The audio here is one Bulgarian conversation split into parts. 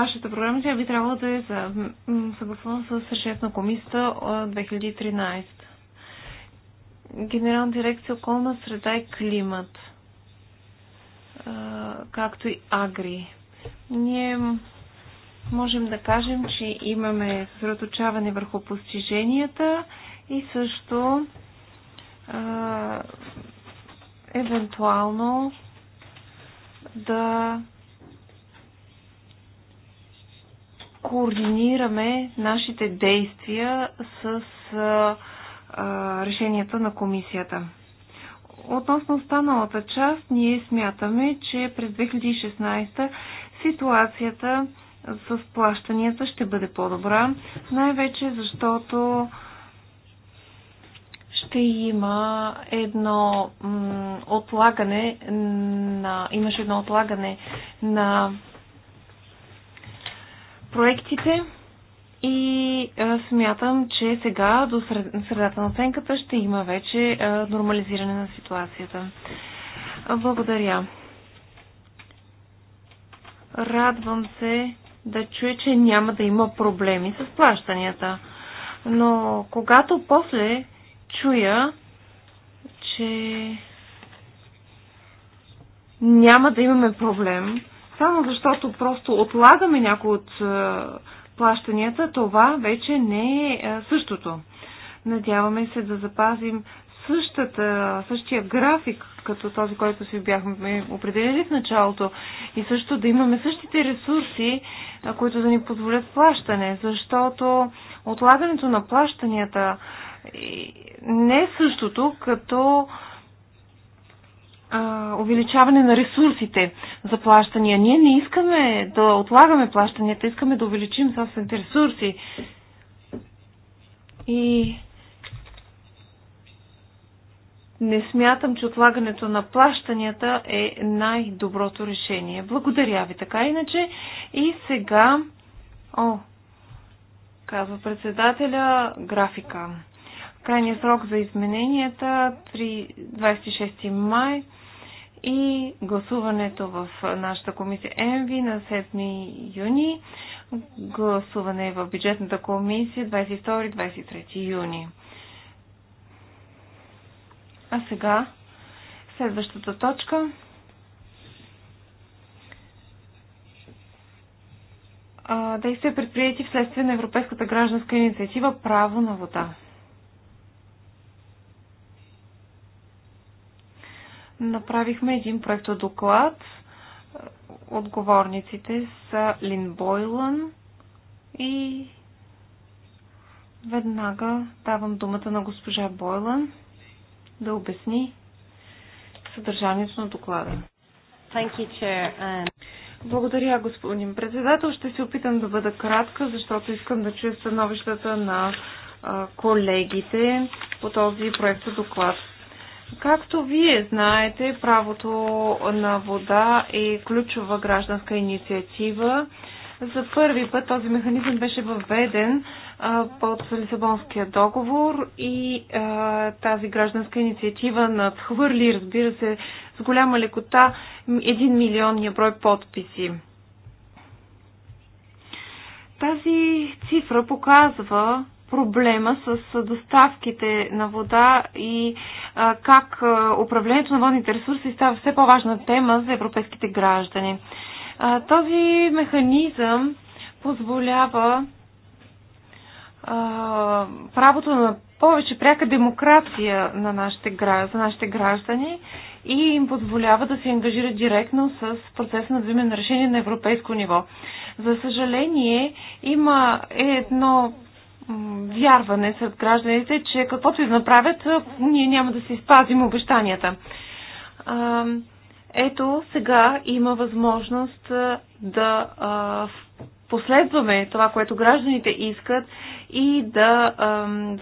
вашата програма, тя би трябвало да е съгласувана с решението на комисията 2013. Генерална дирекция околна среда и климат, както и агри. Ние можем да кажем, че имаме съсредоточаване върху постиженията и също евентуално да координираме нашите действия с а, а, решенията на комисията. Относно останалата част, ние смятаме, че през 2016 ситуацията с плащанията ще бъде по-добра, най-вече защото ще има едно отлагане на, имаше едно отлагане на проектите и а, смятам, че сега до средата на оценката ще има вече а, нормализиране на ситуацията. Благодаря. Радвам се да чуя, че няма да има проблеми с плащанията. Но когато после чуя, че няма да имаме проблем, само защото просто отлагаме някои от е, плащанията, това вече не е, е същото. Надяваме се да запазим същата, същия график, като този, който си бяхме определили в началото. И също да имаме същите ресурси, е, които да ни позволят плащане, защото отлагането на плащанията не е същото, като а, увеличаване на ресурсите за плащания. Ние не искаме да отлагаме плащанията, искаме да увеличим собствените ресурси. И не смятам, че отлагането на плащанията е най-доброто решение. Благодаря ви така иначе. И сега, о, казва председателя, графика. Крайният срок за измененията 3, 26 май и гласуването в нашата комисия ЕМВИ на 7 юни, гласуване в бюджетната комисия 22-23 юни. А сега следващата точка. Действия предприяти вследствие на Европейската гражданска инициатива Право на вода. направихме един проектодоклад. Отговорниците са Лин Бойлан и веднага давам думата на госпожа Бойлан да обясни съдържанието на доклада. Um, Благодаря, господин председател. Ще се опитам да бъда кратка, защото искам да чуя становищата на колегите по този проект доклад. Както вие знаете, правото на вода е ключова гражданска инициатива. За първи път този механизъм беше въведен под Лисабонския договор и а, тази гражданска инициатива надхвърли, разбира се, с голяма лекота един милионния брой подписи. Тази цифра показва, проблема с доставките на вода и как управлението на водните ресурси става все по-важна тема за европейските граждани. Този механизъм позволява правото на повече пряка демокрация на нашите, за нашите граждани и им позволява да се ангажират директно с процеса на взимане на решение на европейско ниво. За съжаление, има едно вярване сред гражданите, че каквото и да направят, ние няма да си спазим обещанията. Ето, сега има възможност да последваме това, което гражданите искат и да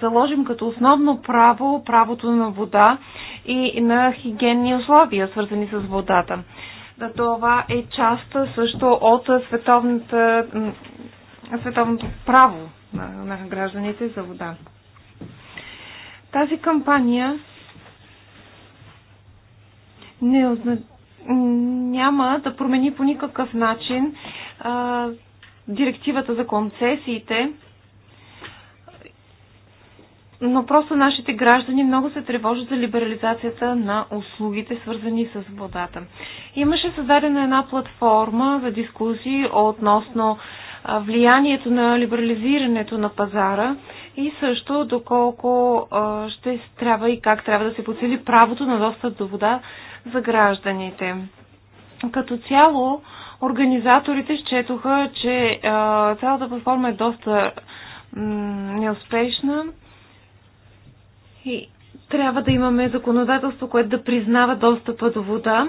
заложим като основно право правото на вода и на хигиенни условия, свързани с водата. Да, това е част също от световната, световното право на, на гражданите за вода. Тази кампания не озна... няма да промени по никакъв начин а, директивата за концесиите, но просто нашите граждани много се тревожат за либерализацията на услугите, свързани с водата. Имаше създадена една платформа за дискусии относно влиянието на либерализирането на пазара и също доколко ще трябва и как трябва да се подсили правото на достъп до вода за гражданите. Като цяло, организаторите счетоха, че цялата платформа е доста неуспешна и трябва да имаме законодателство, което да признава достъпа до вода.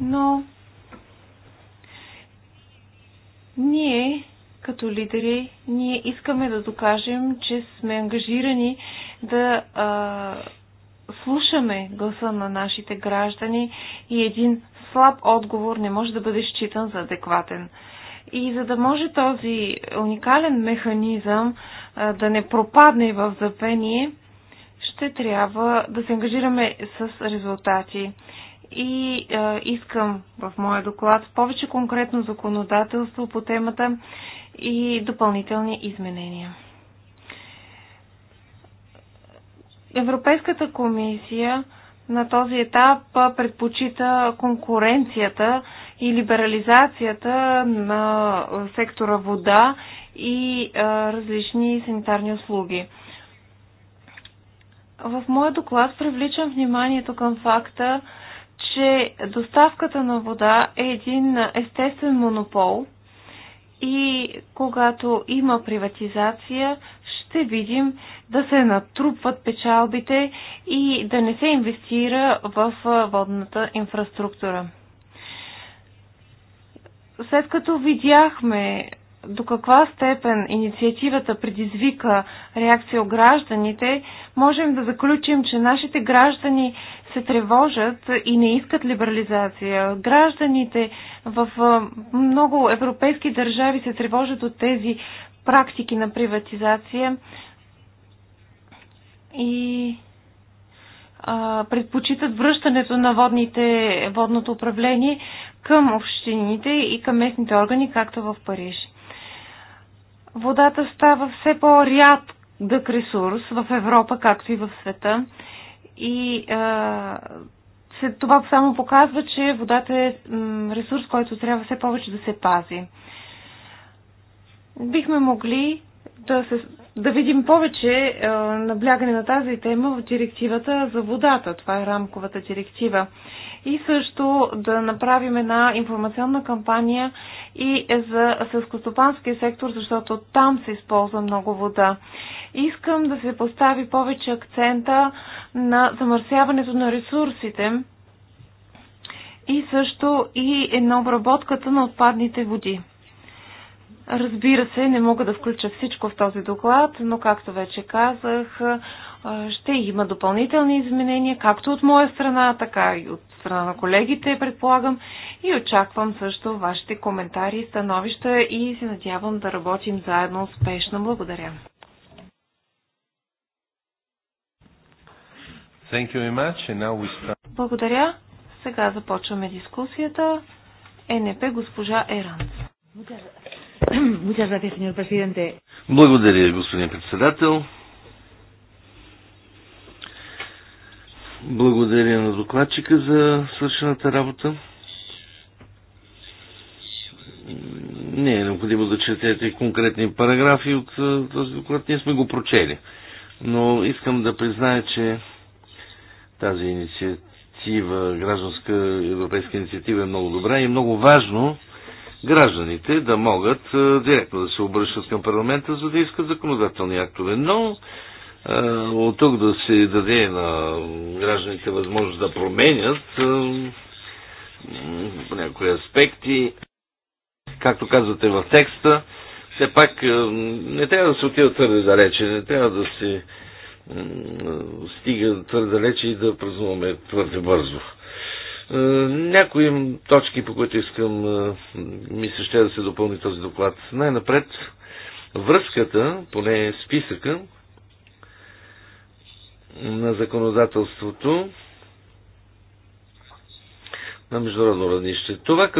Но ние, като лидери, ние искаме да докажем, че сме ангажирани да а, слушаме гласа на нашите граждани и един слаб отговор не може да бъде считан за адекватен. И за да може този уникален механизъм а, да не пропадне в запение, ще трябва да се ангажираме с резултати и е, искам в моя доклад повече конкретно законодателство по темата и допълнителни изменения. Европейската комисия на този етап предпочита конкуренцията и либерализацията на сектора вода и е, различни санитарни услуги. В моя доклад привличам вниманието към факта, че доставката на вода е един естествен монопол и когато има приватизация, ще видим да се натрупват печалбите и да не се инвестира в водната инфраструктура. След като видяхме до каква степен инициативата предизвика реакция от гражданите, можем да заключим, че нашите граждани се тревожат и не искат либерализация. Гражданите в много европейски държави се тревожат от тези практики на приватизация и а, предпочитат връщането на водните, водното управление към общините и към местните органи, както в Париж водата става все по-рядък ресурс в Европа, както и в света. И а, това само показва, че водата е ресурс, който трябва все повече да се пази. Бихме могли да, се, да видим повече а, наблягане на тази тема в директивата за водата. Това е рамковата директива и също да направим една информационна кампания и за селскостопанския сектор, защото там се използва много вода. Искам да се постави повече акцента на замърсяването на ресурсите и също и на обработката на отпадните води. Разбира се, не мога да включа всичко в този доклад, но както вече казах, ще има допълнителни изменения, както от моя страна, така и от страна на колегите, предполагам. И очаквам също вашите коментари, становища и се надявам да работим заедно успешно. Благодаря. Start... Благодаря. Сега започваме дискусията. ЕНП госпожа Еранс. Благодаря, господин председател. Благодаря на докладчика за свършената работа. Не е необходимо да четете конкретни параграфи от този доклад. Ние сме го прочели. Но искам да призная, че тази инициатива, гражданска европейска инициатива е много добра и е много важно гражданите да могат директно да се обръщат към парламента, за да искат законодателни актове. Но от тук да се даде на гражданите възможност да променят по някои аспекти, както казвате в текста, все пак не трябва да се отива твърде далече, не трябва да се стига твърде далече и да празнуваме твърде бързо. Някои точки, по които искам, мисля, ще да се допълни този доклад. Най-напред, връзката, поне списъка, на законодателството на международно равнище. Това,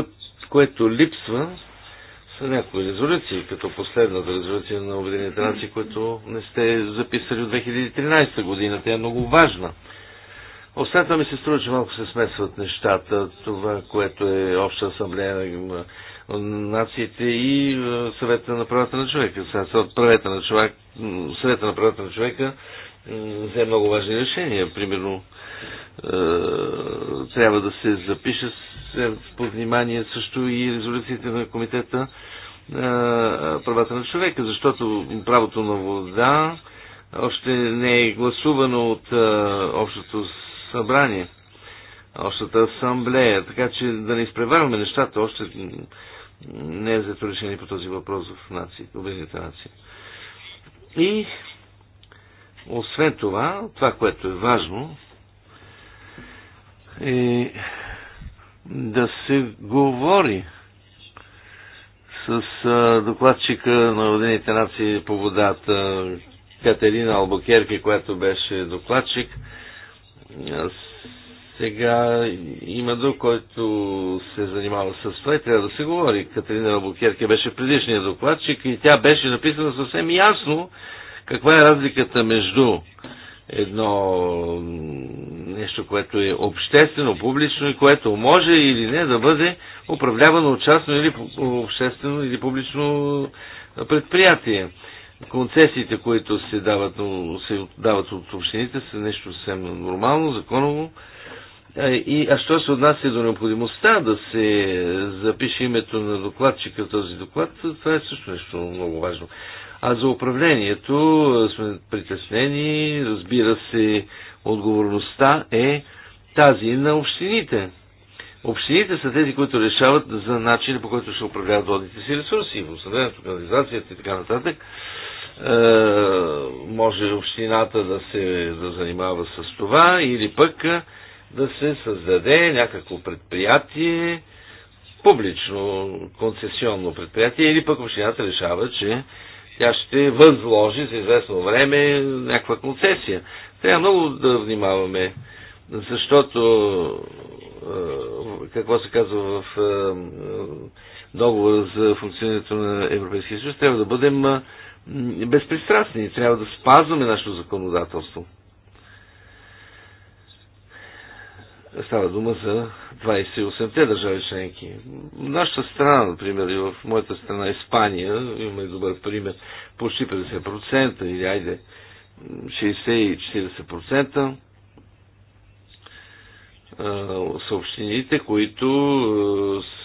което липсва, са някои резолюции, като последната резолюция на Обединените нации, която не сте записали от 2013 година. Тя е много важна. Остата ми се струва, че малко се смесват нещата, това, което е Обща асамблея на нациите и е, съвета на правата на човека. Съвета на, човек, съвета на правата на човека взе много важни решения. Примерно, е, трябва да се запише под внимание също и резолюциите на комитета на е, правата на човека, защото правото на вода още не е гласувано от е, общото събрание, общата асамблея, така че да не изпреварваме нещата, още не е взето решение по този въпрос в нации, Обединените нации. И освен това, това, което е важно, е да се говори с докладчика на Родените нации по водата Катерина Албокерки, която беше докладчик. Сега има друг, който се занимава с това и трябва да се говори. Катерина Албокерки беше предишния докладчик и тя беше написана съвсем ясно каква е разликата между едно нещо, което е обществено, публично и което може или не да бъде управлявано от частно или обществено или публично предприятие. Концесиите, които се дават, се дават от общините, са нещо съвсем нормално, законово. И, а що се отнася до необходимостта да се запише името на докладчика този доклад, това е също нещо много важно. А за управлението сме притеснени, разбира се, отговорността е тази на общините. Общините са тези, които решават за начина по който ще управляват водните си ресурси, в водоснабдяването, канализацията и така нататък. Е, може общината да се да занимава с това или пък е, да се създаде някакво предприятие, публично концесионно предприятие или пък общината решава, че тя ще възложи за известно време някаква концесия. Трябва много да внимаваме, защото е, какво се казва в е, договора за функционирането на Европейския съюз, трябва да бъдем е, безпристрастни, трябва да спазваме нашето законодателство. Става дума за 28-те държави членки. Нашата страна, например, и в моята страна Испания, имаме добър пример, почти 50% или айде 60 и 40% са общините, които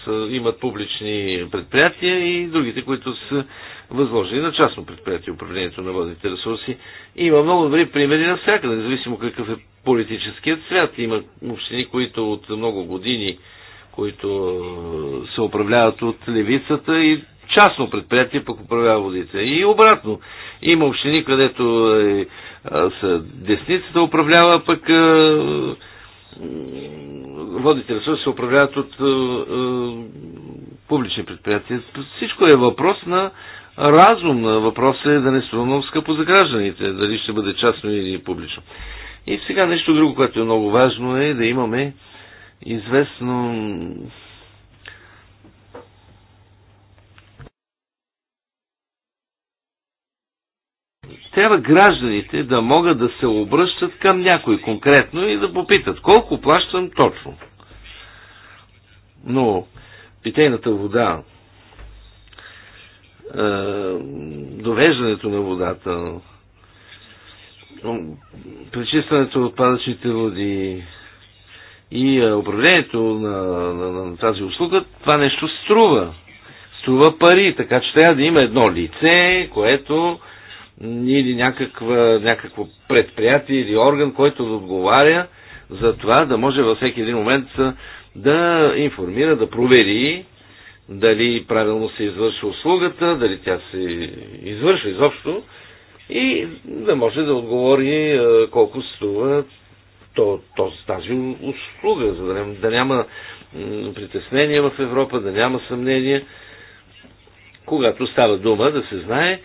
са, имат публични предприятия и другите, които са възложени на частно предприятие управлението на водните ресурси. И има много добри примери навсякъде, независимо какъв е политическият свят. Има общини, които от много години които е, се управляват от левицата и частно предприятие пък управлява водите. И обратно. Има общини, където е, е са десницата управлява, пък е, водите ресурси се управляват от е, е, публични предприятия. Всичко е въпрос на разум на въпроса е да не струва скъпо за гражданите, дали ще бъде частно или публично. И сега нещо друго, което е много важно е да имаме известно трябва гражданите да могат да се обръщат към някой конкретно и да попитат колко плащам точно. Но питейната вода е, довеждането на водата, пречистването от отпадъчните води и е, управлението на, на, на, на тази услуга, това нещо струва. Струва пари, така че трябва да има едно лице, което или някаква, някакво предприятие или орган, който да отговаря за това да може във всеки един момент да информира, да провери дали правилно се извършва услугата, дали тя се извършва изобщо и да може да отговори е, колко струва то, то, тази услуга, за да, да няма притеснения в Европа, да няма съмнение, когато става дума да се знае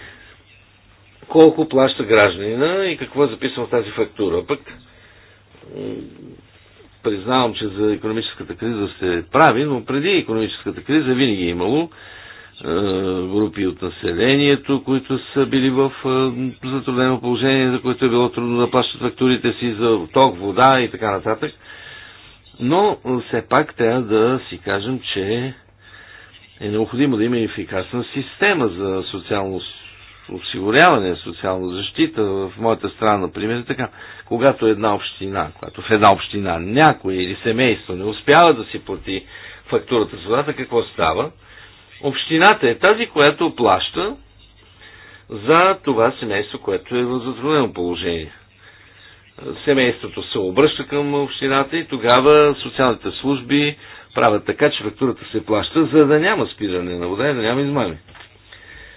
колко плаща гражданина и какво е записано в тази фактура. Пък признавам, че за економическата криза сте прави, но преди економическата криза винаги е имало е, групи от населението, които са били в е, затруднено положение, за което е било трудно да плащат фактурите си за ток, вода и така нататък. Но е, все пак трябва да си кажем, че е необходимо да има ефикасна система за социалност осигуряване социална защита в моята страна, например, е така, когато една община, когато в една община някой или семейство не успява да си плати фактурата с водата, какво става? Общината е тази, която плаща за това семейство, което е в затруднено положение. Семейството се обръща към общината и тогава социалните служби правят така, че фактурата се плаща, за да няма спиране на вода и да няма измами.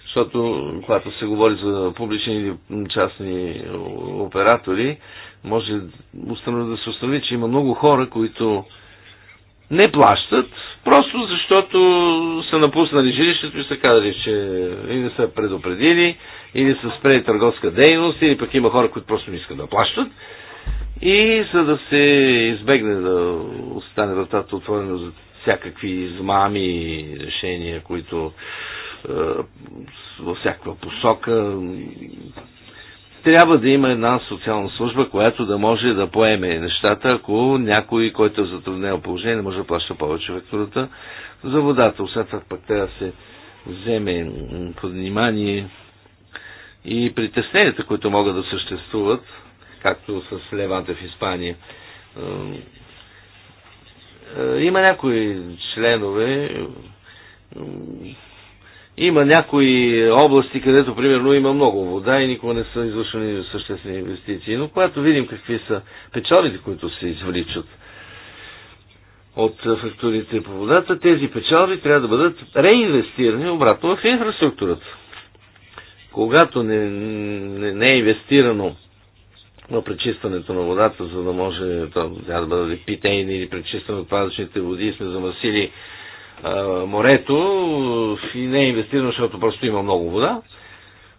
Защото когато се говори за публични или частни оператори, може да се установи, че има много хора, които не плащат, просто защото са напуснали жилището и са казали, че или не са предупредили, или са спрели търговска дейност, или пък има хора, които просто не искат да плащат. И за да се избегне да остане вратата отворена за всякакви измами и решения, които е, във всякаква посока. Трябва да има една социална служба, която да може да поеме нещата, ако някой, който е в затруднено положение, не може да плаща повече фактурата за водата. Освен това пък трябва да се вземе под внимание и притесненията, които могат да съществуват, както с Леванта в Испания. Е, има някои членове, има някои области, където примерно има много вода и никога не са извършени съществени инвестиции. Но когато видим какви са печалите, които се извличат от фактурите по водата, тези печалби трябва да бъдат реинвестирани обратно в инфраструктурата. Когато не, не, не е инвестирано в пречистването на водата, за да може тя да бъде питейна или пречистване от пазъчните води, сме замасили морето и не е инвестирано, защото просто има много вода.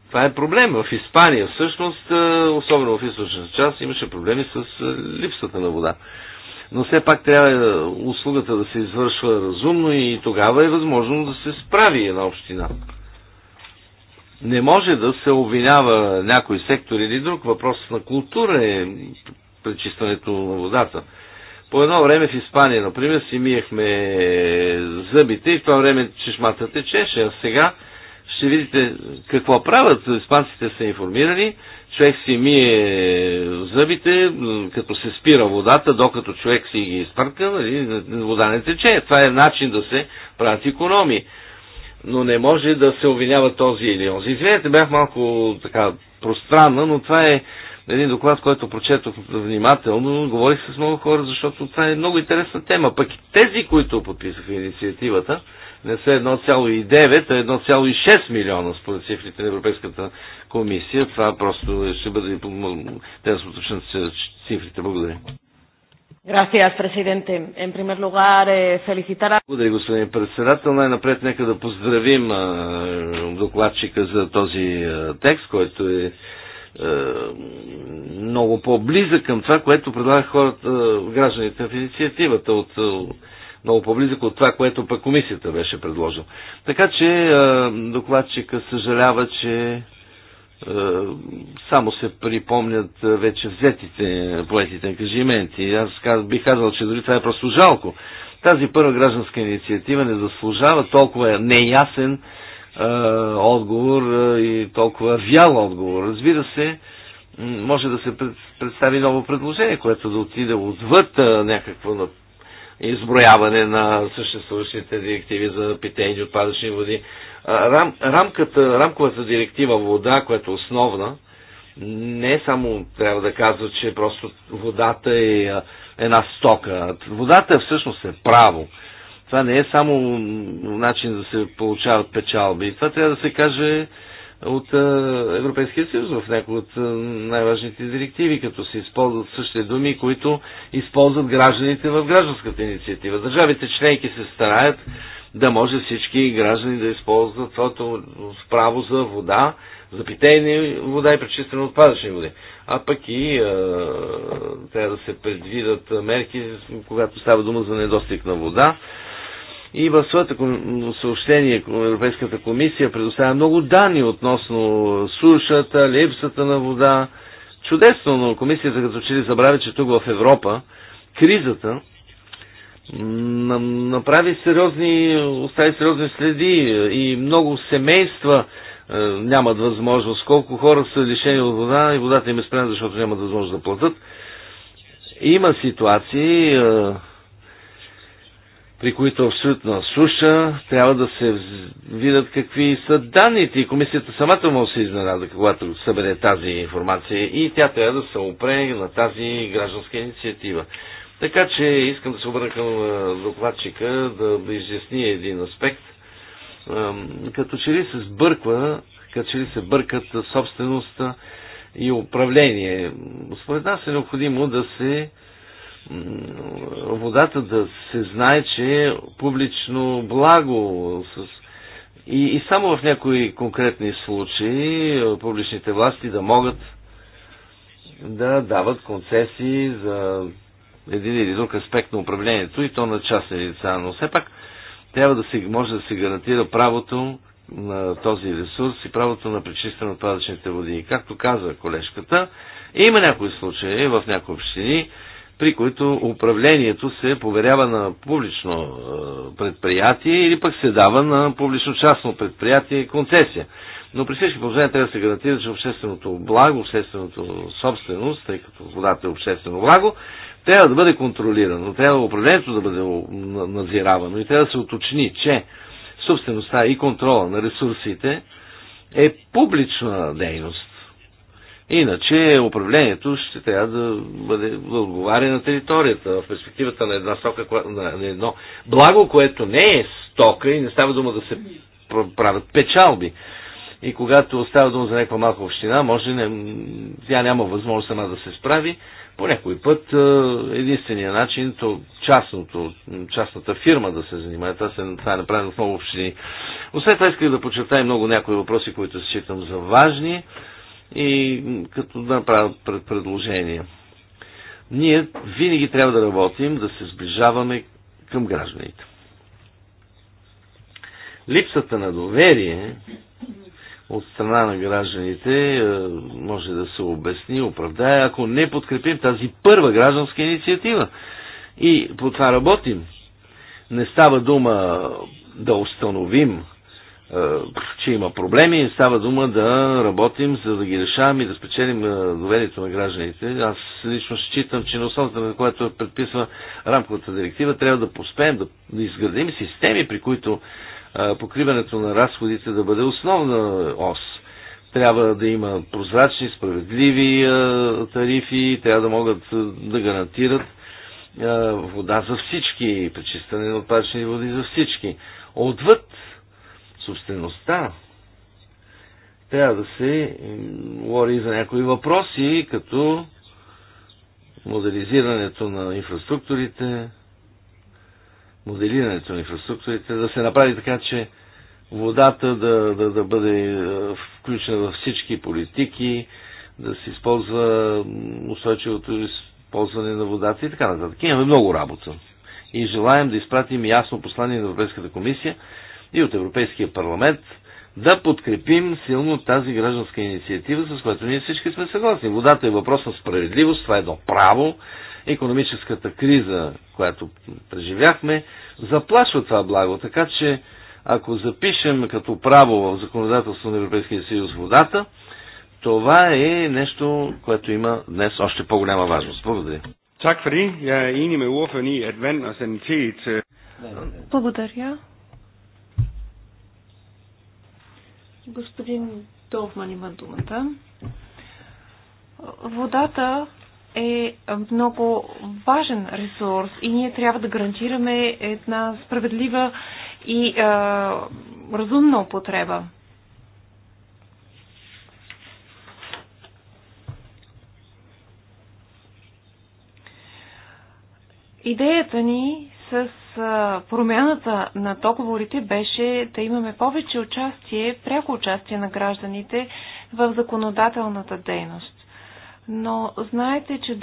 Това е проблем. В Испания всъщност, особено в източната част, имаше проблеми с липсата на вода. Но все пак трябва услугата да се извършва разумно и тогава е възможно да се справи една община. Не може да се обвинява някой сектор или друг. Въпрос на култура е пречистването на водата. По едно време в Испания, например, си миехме зъбите и в това време чешмата течеше, а сега ще видите какво правят. Испанците са информирани, човек си мие зъбите, като се спира водата, докато човек си ги изпърка, нали, вода не тече. Това е начин да се правят економии. Но не може да се обвинява този или онзи. Извинете, бях малко така пространна, но това е един доклад, който прочетох внимателно, говорих с много хора, защото това е много интересна тема. Пък тези, които подписаха инициативата, не са 1,9, а 1,6 милиона според цифрите на Европейската комисия. Това просто ще бъде те да цифрите. Благодаря. Gracias, presidente. En primer lugar, eh, felicitar a... Благодаря, господин председател. Най-напред нека да поздравим докладчика за този текст, който е е, много по-близък към това, което предлага хората, гражданите в инициативата от е, много по-близък от това, което пък комисията беше предложила. Така че е, докладчика съжалява, че само се припомнят вече взетите поетите ангажименти. Аз бих казал, че дори това е просто жалко. Тази първа гражданска инициатива не заслужава толкова неясен е, отговор е, и толкова вял отговор. Разбира се, може да се представи ново предложение, което да отиде отвъд е, някакво изброяване на съществуващите директиви за питейни отпадъчни води. Рам, рамката, рамковата директива вода, която е основна, не само трябва да казва, че просто водата е една стока. Водата всъщност е право. Това не е само начин да се получават печалби. Това трябва да се каже от Европейския съюз в някои от най-важните директиви, като се използват същите думи, които използват гражданите в гражданската инициатива. Държавите членки се стараят да може всички граждани да използват своето право за вода, за питейни вода и пречистена от води. А пък и е, трябва да се предвидат мерки, когато става дума за недостиг на вода и в своето съобщение Европейската комисия предоставя много данни относно сушата, липсата на вода. Чудесно, но комисията като че ли забравя, че тук в Европа кризата направи сериозни, остави сериозни следи и много семейства е, нямат възможност. Колко хора са лишени от вода и водата им е спрена, защото нямат възможност да платят. Има ситуации, е, при които е абсолютно суша, трябва да се видят какви са данните. И комисията самата му се изненада, когато събере тази информация и тя трябва да се опре на тази гражданска инициатива. Така че искам да се обърна към докладчика да изясни един аспект. Като че ли се сбърква, като че ли се бъркат собствеността и управление. Според нас е необходимо да се водата да се знае, че е публично благо. С... И, и само в някои конкретни случаи е, публичните власти да могат да дават концесии за един или друг аспект на управлението и то на частни лица. Но все пак трябва да се, може да се гарантира правото на този ресурс и правото на пречистване на отпадъчните води. И както каза колежката, има някои случаи в някои общини, при които управлението се поверява на публично е, предприятие или пък се дава на публично-частно предприятие концесия. Но при всички положения трябва да се гарантира, че общественото благо, общественото собственост, тъй като водата е обществено благо, трябва да бъде контролирано, трябва управлението да бъде надзиравано и трябва да се уточни, че собствеността и контрола на ресурсите е публична дейност. Иначе управлението ще трябва да бъде да отговаря на територията, в перспективата на една стока, на едно благо, което не е стока и не става дума да се правят печалби. И когато става дума за някаква малка община, може не, тя няма възможност сама да се справи. По някой път единствения начин то частното, частната фирма да се занимае. Това, се, това е направено в много общини. Освен това исках да подчертая много някои въпроси, които считам за важни и като да направят предложения. Ние винаги трябва да работим, да се сближаваме към гражданите. Липсата на доверие от страна на гражданите е, може да се обясни, оправдае, ако не подкрепим тази първа гражданска инициатива. И по това работим. Не става дума да установим е, че има проблеми и става дума да работим, за да ги решаваме и да спечелим е, доверието на гражданите. Аз лично считам, че на основата на което е предписва рамковата директива, трябва да поспеем да, да изградим системи, при които а, покриването на разходите да бъде основна ос. Трябва да има прозрачни, справедливи а, тарифи, трябва да могат да гарантират вода за всички, пречистане на отпадъчни води за всички. Отвъд собствеността, трябва да се говори за някои въпроси, като моделизирането на инфраструктурите, моделирането на инфраструктурите, да се направи така, че водата да, да, да бъде е, включена във всички политики, да се използва устойчивото използване на водата и така нататък. Имаме много работа. И желаем да изпратим ясно послание на Европейската комисия, и от Европейския парламент да подкрепим силно тази гражданска инициатива, с която ние всички сме съгласни. Водата е въпрос на справедливост, това е едно право. Економическата криза, която преживяхме, заплашва това благо. Така че, ако запишем като право в законодателство на Европейския съюз водата, това е нещо, което има днес още по-голяма важност. Благодаря. Er øh, Благодаря. Благодаря. Господин Довман има думата. Водата е много важен ресурс и ние трябва да гарантираме една справедлива и е, разумна употреба. Идеята ни с промяната на договорите беше да имаме повече участие, пряко участие на гражданите в законодателната дейност. Но знаете, че,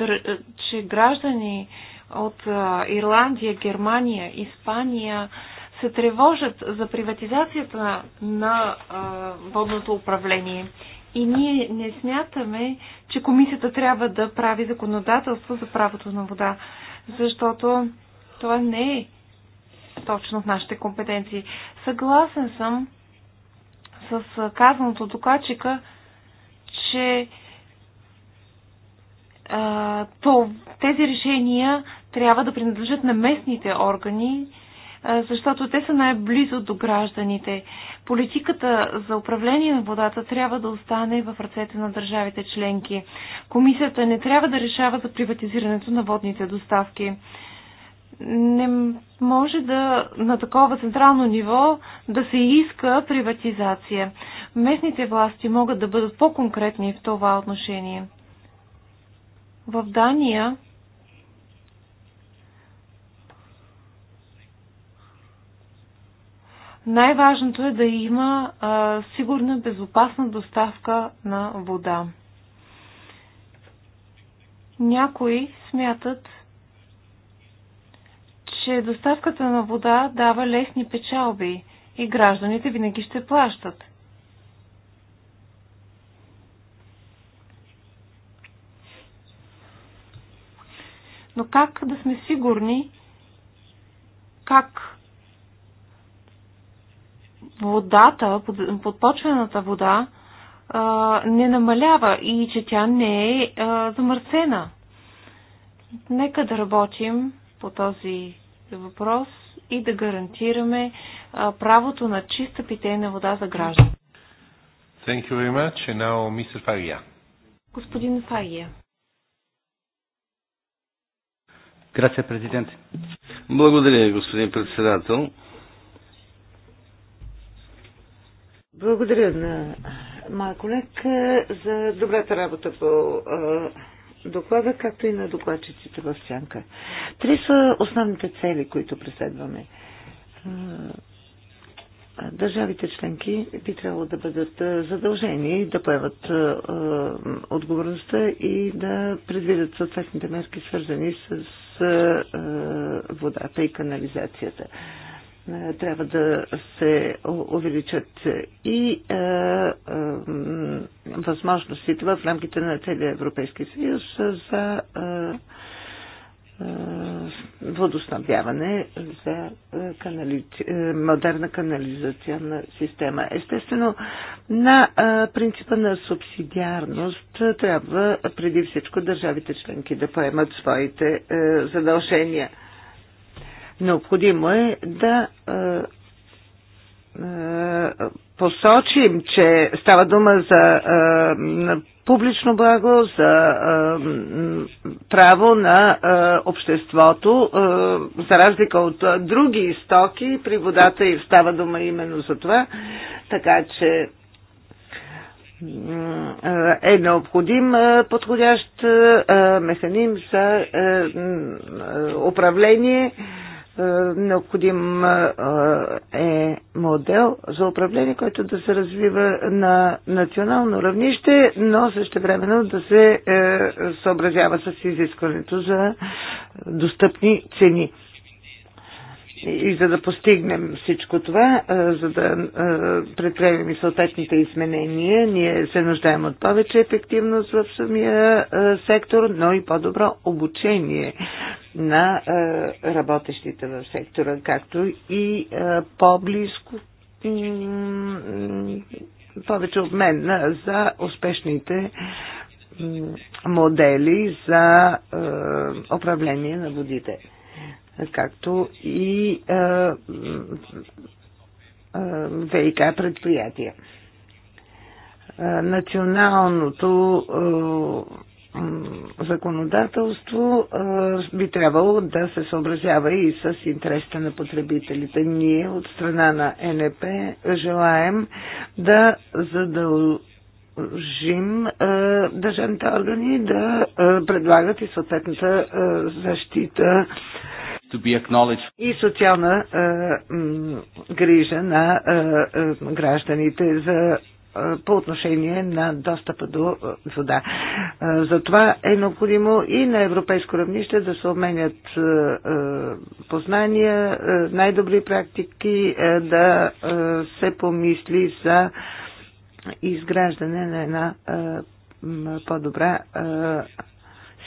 че граждани от Ирландия, Германия, Испания се тревожат за приватизацията на водното управление. И ние не смятаме, че комисията трябва да прави законодателство за правото на вода, защото това не е точно в нашите компетенции. Съгласен съм с казаното докачика, че а, то, тези решения трябва да принадлежат на местните органи, а, защото те са най-близо до гражданите. Политиката за управление на водата трябва да остане в ръцете на държавите членки. Комисията не трябва да решава за приватизирането на водните доставки не може да на такова централно ниво да се иска приватизация. Местните власти могат да бъдат по-конкретни в това отношение. В Дания най-важното е да има а, сигурна, безопасна доставка на вода. Някои смятат, че доставката на вода дава лесни печалби и гражданите винаги ще плащат. Но как да сме сигурни как водата, подпочвената вода, не намалява и че тя не е замърсена? Нека да работим по този въпрос и да гарантираме правото на чиста питейна вода за граждан. Thank you very much. And now, Mr. Faria. Господин Фагия. Грация, президент. Благодаря, господин председател. Благодаря на моя колег за добрата работа по доклада, както и на докладчиците в сянка. Три са основните цели, които преследваме. Държавите членки би трябвало да бъдат задължени да поемат отговорността и да предвидят съответните мерки, свързани с водата и канализацията. Е, трябва да се увеличат и е, е, възможностите в рамките на целия Европейски съюз за е, е водоснабдяване за е, канали... модерна канализационна система. Естествено, на принципа на субсидиарност трябва преди всичко държавите членки да поемат своите задължения – Необходимо е да е, е, посочим, че става дума за е, публично благо, за право на обществото, за разлика от други стоки, при водата и става дума именно за това, така че е необходим подходящ механизъм за управление е, необходим е, е модел за управление, който да се развива на национално равнище, но също времено да се е, съобразява с изискването за достъпни цени. И за да постигнем всичко това, за да предприемем и съответните изменения, ние се нуждаем от повече ефективност в самия сектор, но и по-добро обучение на работещите в сектора, както и по-близко повече обмен за успешните модели за управление на водите както и ВИК предприятия. Националното законодателство би трябвало да се съобразява и с интересите на потребителите. Ние от страна на НП желаем да задължим държавните органи да предлагат и съответната защита и социална е, грижа на е, е, гражданите за по отношение на достъпа до вода. Затова е необходимо и на европейско равнище да се обменят познания, най-добри практики, да се помисли за изграждане на една по-добра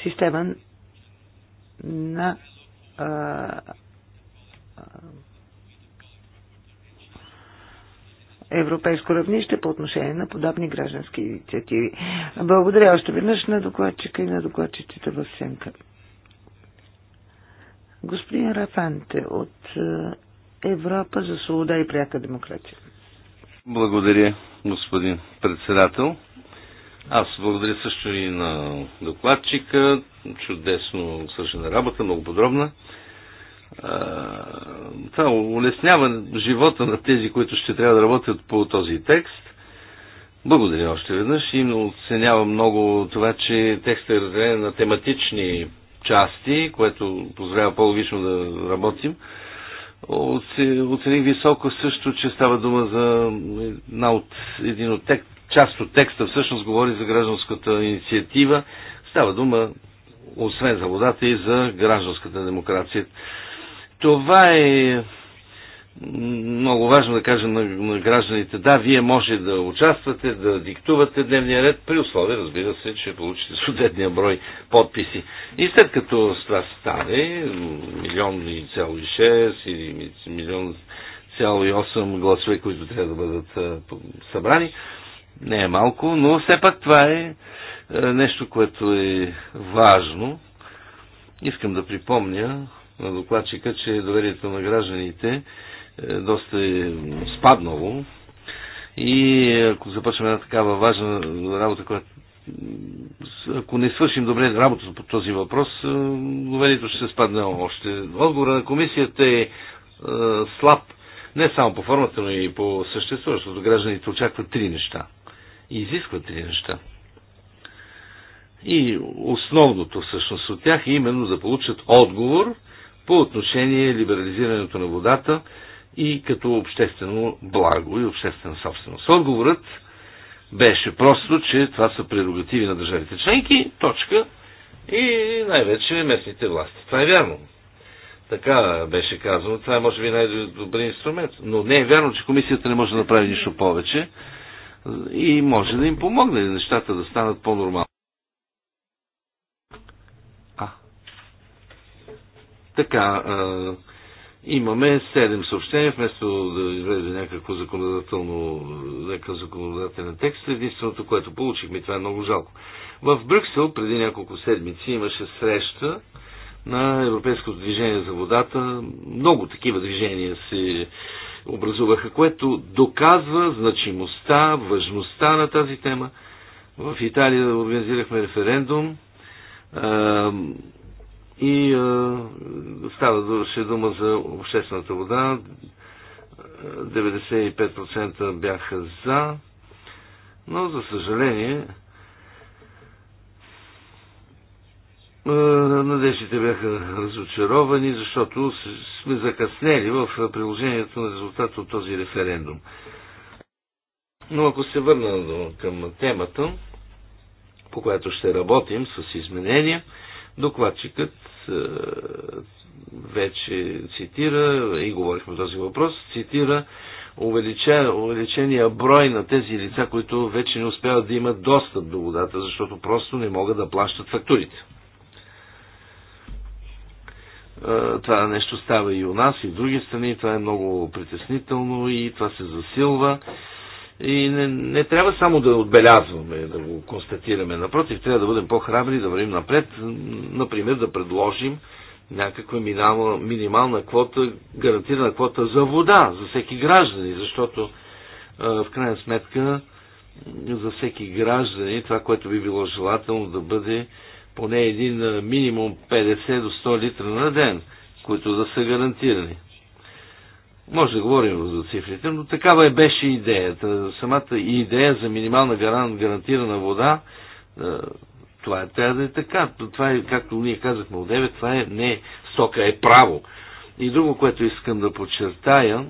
система на европейско равнище по отношение на подобни граждански инициативи. Благодаря още веднъж на докладчика и на докладчиците в Сенка. Господин Рафанте от Европа за свобода и пряка демокрация. Благодаря, господин председател. Аз благодаря също и на докладчика. Чудесно свършена работа, много подробна. Това улеснява живота на тези, които ще трябва да работят по този текст. Благодаря още веднъж и оценявам много това, че текстът е разделен на тематични части, което позволява по-логично да работим. Оцених високо също, че става дума за една от, един от текст, част от текста всъщност говори за гражданската инициатива. Става дума, освен за водата, и за гражданската демокрация. Това е много важно да кажа на, на гражданите, да, вие може да участвате, да диктувате дневния ред, при условие, разбира се, че получите съответния брой подписи. И след като с това стане, милион и цяло и шест или милион цяло и осем гласове, които трябва да бъдат събрани, не е малко, но все пак това е, е нещо, което е важно. Искам да припомня на докладчика, че доверието на гражданите е доста е спаднало. И ако започнем една такава важна работа, която ако не свършим добре работата по този въпрос, е, доверието ще се спадне още. Отговора на комисията е, е слаб. Не само по формата, но и по същество, защото гражданите очакват три неща – изискват три неща. И основното всъщност от тях е именно да получат отговор по отношение либерализирането на водата и като обществено благо и обществена собственост. Отговорът беше просто, че това са прерогативи на държавите членки, точка, и най-вече местните власти. Това е вярно. Така беше казано. Това е може би най-добър инструмент. Но не е вярно, че комисията не може да направи нищо повече и може да им помогне нещата да станат по-нормални. Така, а, имаме 7 съобщения, вместо да излезе някакво законодателно, някакъв законодателен текст. Единственото, което получихме, това е много жалко. В Брюксел преди няколко седмици имаше среща на Европейското движение за водата. Много такива движения се образуваха, което доказва значимостта, важността на тази тема. В Италия организирахме референдум а, и а, става довърши дума за обществената вода. 95% бяха за, но за съжаление Е, надеждите бяха разочаровани, защото сме закъснели в приложението на резултат от този референдум. Но ако се върна към темата, по която ще работим с изменения, докладчикът е, вече цитира, и говорихме този въпрос, цитира увеличения брой на тези лица, които вече не успяват да имат достъп до водата, защото просто не могат да плащат фактурите. Е, това нещо става и у нас, и в други страни. Това е много притеснително и това се засилва. И не, не трябва само да отбелязваме, да го констатираме. Напротив, трябва да бъдем по-храбри, да вървим напред. Например, да предложим някаква минимална, минимална квота, гарантирана квота за вода за всеки граждани, защото е, в крайна сметка за всеки граждани това, което би било желателно да бъде поне един минимум 50 до 100 литра на ден, които да са гарантирани. Може да говорим за цифрите, но такава е беше идеята. Самата идея за минимална гарантирана вода, това е, трябва да е така. Това е, както ние казахме от 9, това е не стока, е право. И друго, което искам да подчертая,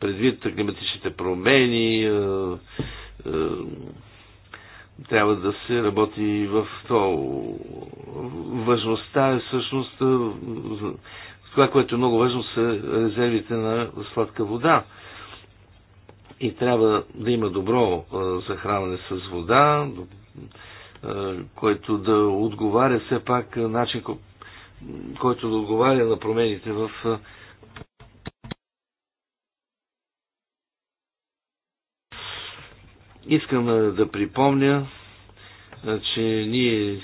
предвид климатичните промени, трябва да се работи в то. Важността е всъщност е, това, което е много важно, са резервите на сладка вода. И трябва да има добро е, захранване с вода, е, което да отговаря все пак начин, който да отговаря на промените в Искам да припомня, че ние е,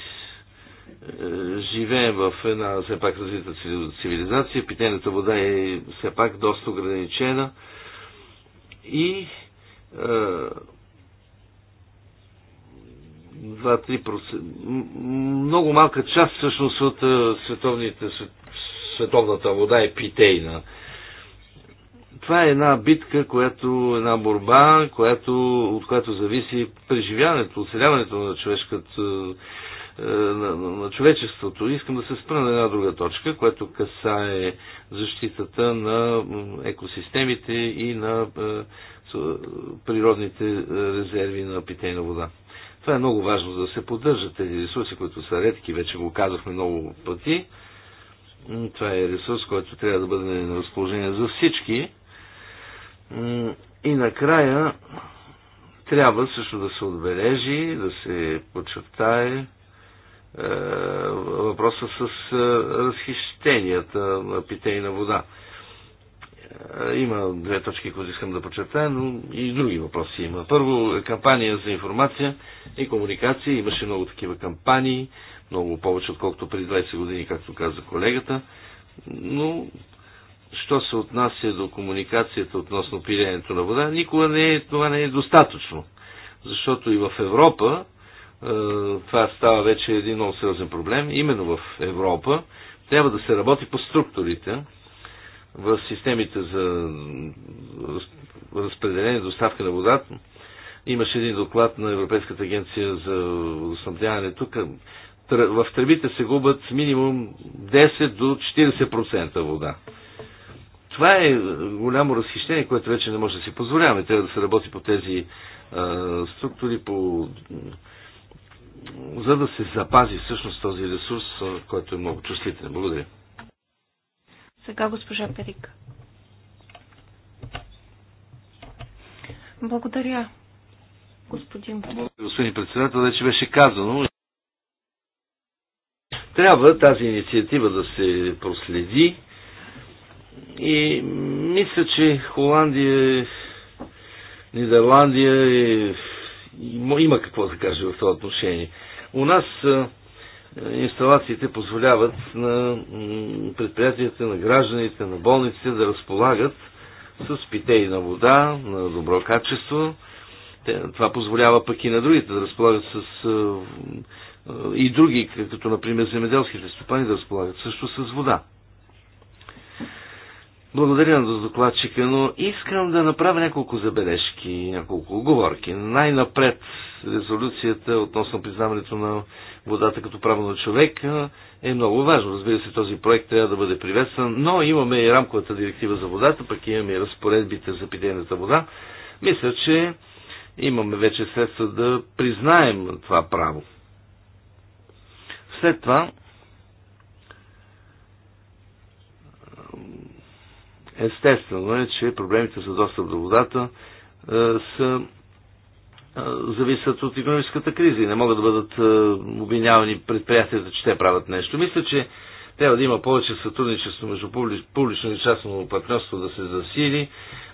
живеем в една все пак развита цивилизация, питената вода е все пак доста ограничена и 2-3%, много малка част всъщност от световните, световната вода е питейна това е една битка, която, една борба, която, от която зависи преживяването, оцеляването на човешката е, е, на, на човечеството. Искам да се спра на една друга точка, която касае защитата на екосистемите и на е, природните резерви на питейна вода. Това е много важно да се поддържат тези ресурси, които са редки, вече го казахме много пъти. Това е ресурс, който трябва да бъде на разположение за всички. И накрая трябва също да се отбележи, да се подчертае е, въпроса с е, разхищенията на питейна вода. Е, има две точки, които искам да подчертая, но и други въпроси има. Първо, кампания за информация и комуникация. Имаше много такива кампании, много повече, отколкото преди 20 години, както каза колегата. Но що се отнася до комуникацията относно пиленето на вода, никога не е, това не е достатъчно. Защото и в Европа е, това става вече един много сериозен проблем. Именно в Европа трябва да се работи по структурите в системите за разпределение, доставка на вода. Имаше един доклад на Европейската агенция за водоснабдяване тук. В тръбите се губят минимум 10 до 40% вода. Това е голямо разхищение, което вече не може да си позволяваме. Трябва да се работи по тези а, структури, по, за да се запази всъщност този ресурс, който е много чувствителен. Благодаря. Сега госпожа Перик. Благодаря, господин Благодаря, господин председател. Вече беше казано. Трябва тази инициатива да се проследи и мисля, че Холандия, Нидерландия е, има какво да каже в това отношение. У нас инсталациите позволяват на предприятията, на гражданите, на болниците да разполагат с питейна вода на добро качество. Това позволява пък и на другите да разполагат с и други, като например земеделските стопани да разполагат също с вода. Благодаря на докладчика, но искам да направя няколко забележки, няколко оговорки. Най-напред резолюцията относно признаването на водата като право на човек е много важно. Разбира се, този проект трябва да бъде приветстван, но имаме и рамковата директива за водата, пък имаме и разпоредбите за питейната вода. Мисля, че имаме вече средства да признаем това право. След това Естествено е, че проблемите за достъп до водата е, са е, зависят от економическата криза и не могат да бъдат е, обвинявани предприятията, че те правят нещо. Мисля, че трябва да има повече сътрудничество между публично и частно партньорство да се засили,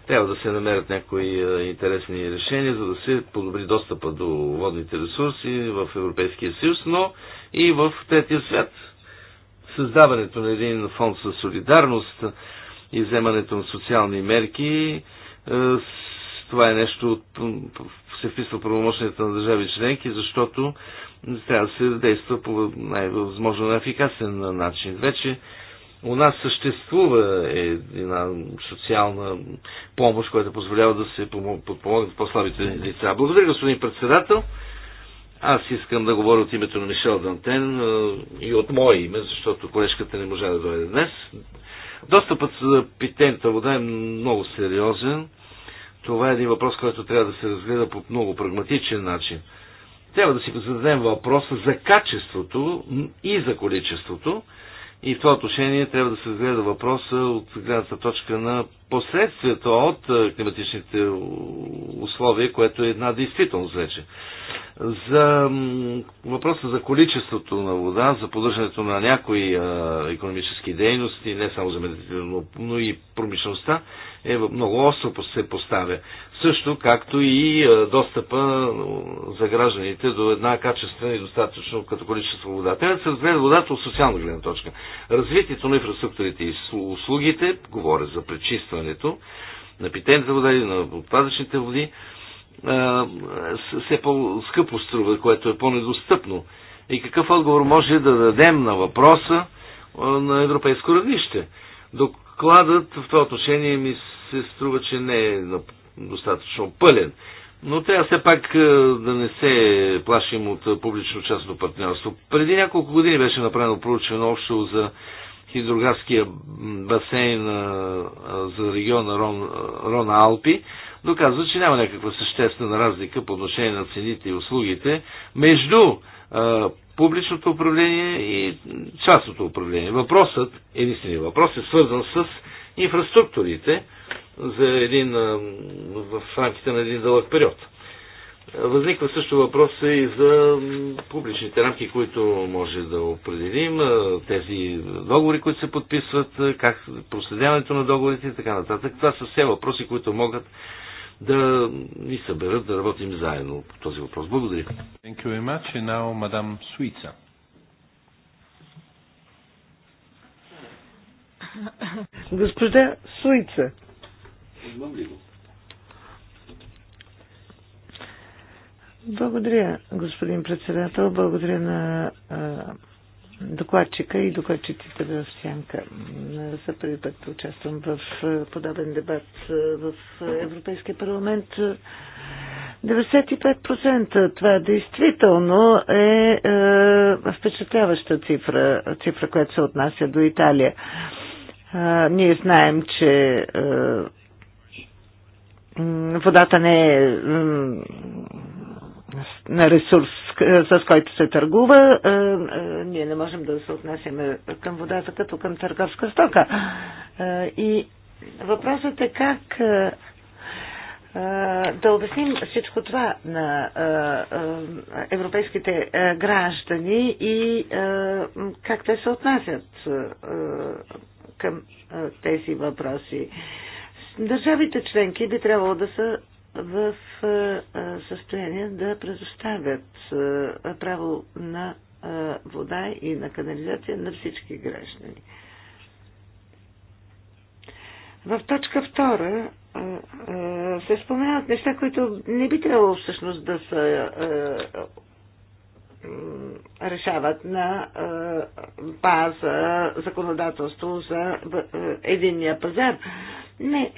трябва да се намерят някои интересни решения, за да се подобри достъпа до водните ресурси в Европейския съюз, но и в третия свят. Създаването на един фонд за солидарност и вземането на социални мерки. Е, това е нещо, се вписва правомощията на държави членки, защото трябва да се действа по най-възможно на ефикасен начин. Вече у нас съществува една социална помощ, която позволява да се подпомогнат по-слабите лица. Благодаря, господин председател. Аз искам да говоря от името на Мишел Дантен е, и от мое име, защото колежката не можа да дойде днес. Достъпът за питента вода е много сериозен. Това е един въпрос, който трябва да се разгледа по много прагматичен начин. Трябва да си зададем въпроса за качеството и за количеството. И в това отношение трябва да се разгледа въпроса от гледната точка на последствията от климатичните условия, което е една действителност вече. За въпроса за количеството на вода, за поддържането на някои економически дейности, не само за медицина, но и промишлеността, е много остро се поставя. Също както и достъпа за гражданите до една качествена и достатъчно като количество вода. Трябва да се разгледа водата от социална гледна точка. Развитието на инфраструктурите и услугите, говоря за пречистването на питейната вода и на отпадъчните води, все по-скъпо струва, което е по-недостъпно. И какъв отговор може да дадем на въпроса на европейско равнище? Докладът в това отношение ми се струва, че не е достатъчно пълен. Но трябва все пак да не се плашим от публично-частно партньорство. Преди няколко години беше направено проучване общо за хидрографския басейн за региона Рон, Рона Алпи доказва, че няма някаква съществена разлика по отношение на цените и услугите между а, публичното управление и частното управление. Въпросът, единствения въпрос е свързан с инфраструктурите за един, а, в рамките на един дълъг период. Възниква също въпроса и за публичните рамки, които може да определим, тези договори, които се подписват, как проследяването на договорите и така нататък. Това са все въпроси, които могат да ни съберат да работим заедно по този въпрос. Благодаря. Thank you very much. And now, Madame Suica. Госпожа Суица. Благодаря, господин председател. Благодаря на докладчика и докладчиците в Сянка. За първи път участвам в е, подобен дебат е, в е, Европейския парламент. 95% това действително е, е впечатляваща цифра, цифра, която се отнася до Италия. Е, ние знаем, че е, водата не е на ресурс, с който се търгува, е, е, ние не можем да се отнасяме към водата като към търговска стока. Е, и въпросът е как да обясним всичко това на европейските граждани и как те се отнасят към тези въпроси. Държавите членки би трябвало да са в състояние да предоставят право на вода и на канализация на всички граждани. В точка втора се споменават неща, които не би трябвало всъщност да се решават на база законодателство за единния пазар. Не,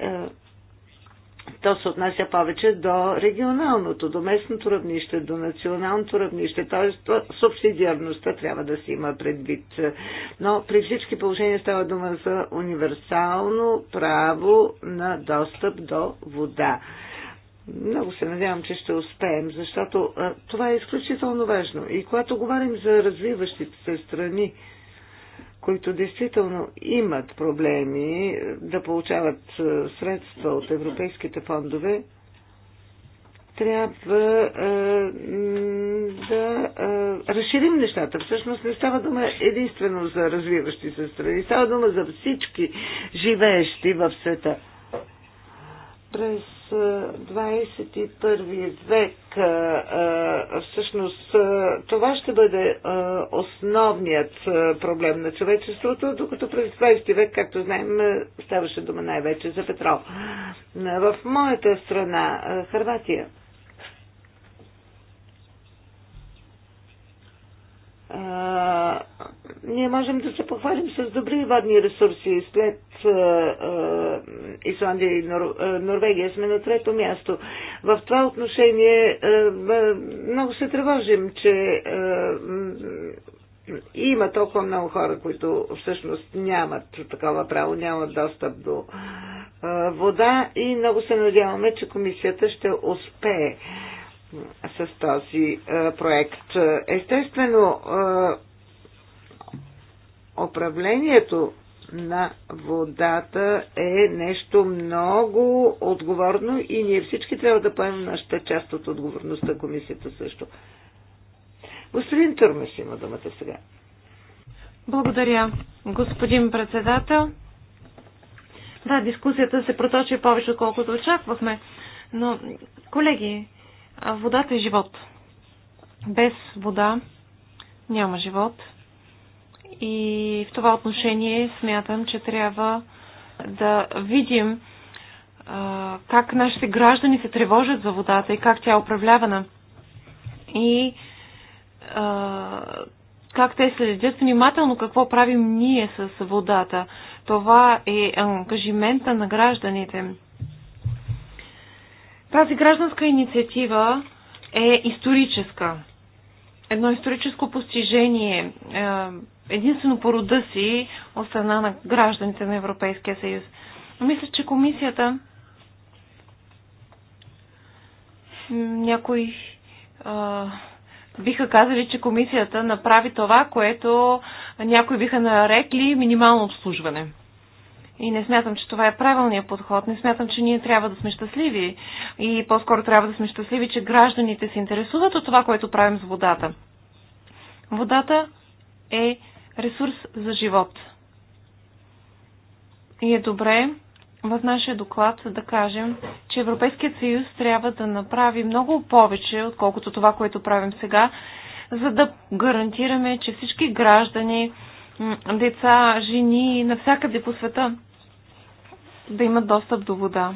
то се отнася повече до регионалното, до местното равнище, до националното равнище, т.е. субсидиарността трябва да се има предвид. Но при всички положения става дума за универсално право на достъп до вода. Много се надявам, че ще успеем, защото а, това е изключително важно. И когато говорим за развиващите се страни, които действително имат проблеми е, да получават е, средства от европейските фондове, трябва е, да е, разширим нещата. Всъщност не става дума единствено за развиващи се страни, става дума за всички живеещи в света през 21 век всъщност това ще бъде основният проблем на човечеството, докато през 20 век, както знаем, ставаше дума най-вече за петрол. В моята страна, Харватия, А, ние можем да се похвалим с добри водни ресурси. След а, а, Исландия и Нор, а, Норвегия сме на трето място. В това отношение а, а, много се тревожим, че а, има толкова много хора, които всъщност нямат такова право, нямат достъп до а, вода и много се надяваме, че комисията ще успее. А, с този е, проект. Естествено, е, управлението на водата е нещо много отговорно и ние всички трябва да поемем нашата част от отговорността, комисията също. Господин Турмеш има думата сега. Благодаря, господин председател. Да, дискусията се проточи повече, отколкото очаквахме. Но, колеги, Водата е живот. Без вода няма живот. И в това отношение смятам, че трябва да видим а, как нашите граждани се тревожат за водата и как тя е управлявана. И а, как те следят внимателно какво правим ние с водата. Това е ангажимента на гражданите. Тази гражданска инициатива е историческа. Едно историческо постижение, е, единствено по рода си от страна на гражданите на Европейския съюз. Но мисля, че комисията някой биха казали, че комисията направи това, което някои биха нарекли минимално обслужване. И не смятам, че това е правилният подход. Не смятам, че ние трябва да сме щастливи. И по-скоро трябва да сме щастливи, че гражданите се интересуват от това, което правим с водата. Водата е ресурс за живот. И е добре в нашия доклад да кажем, че Европейският съюз трябва да направи много повече, отколкото това, което правим сега, за да гарантираме, че всички граждани деца, жени, навсякъде по света да имат достъп до вода.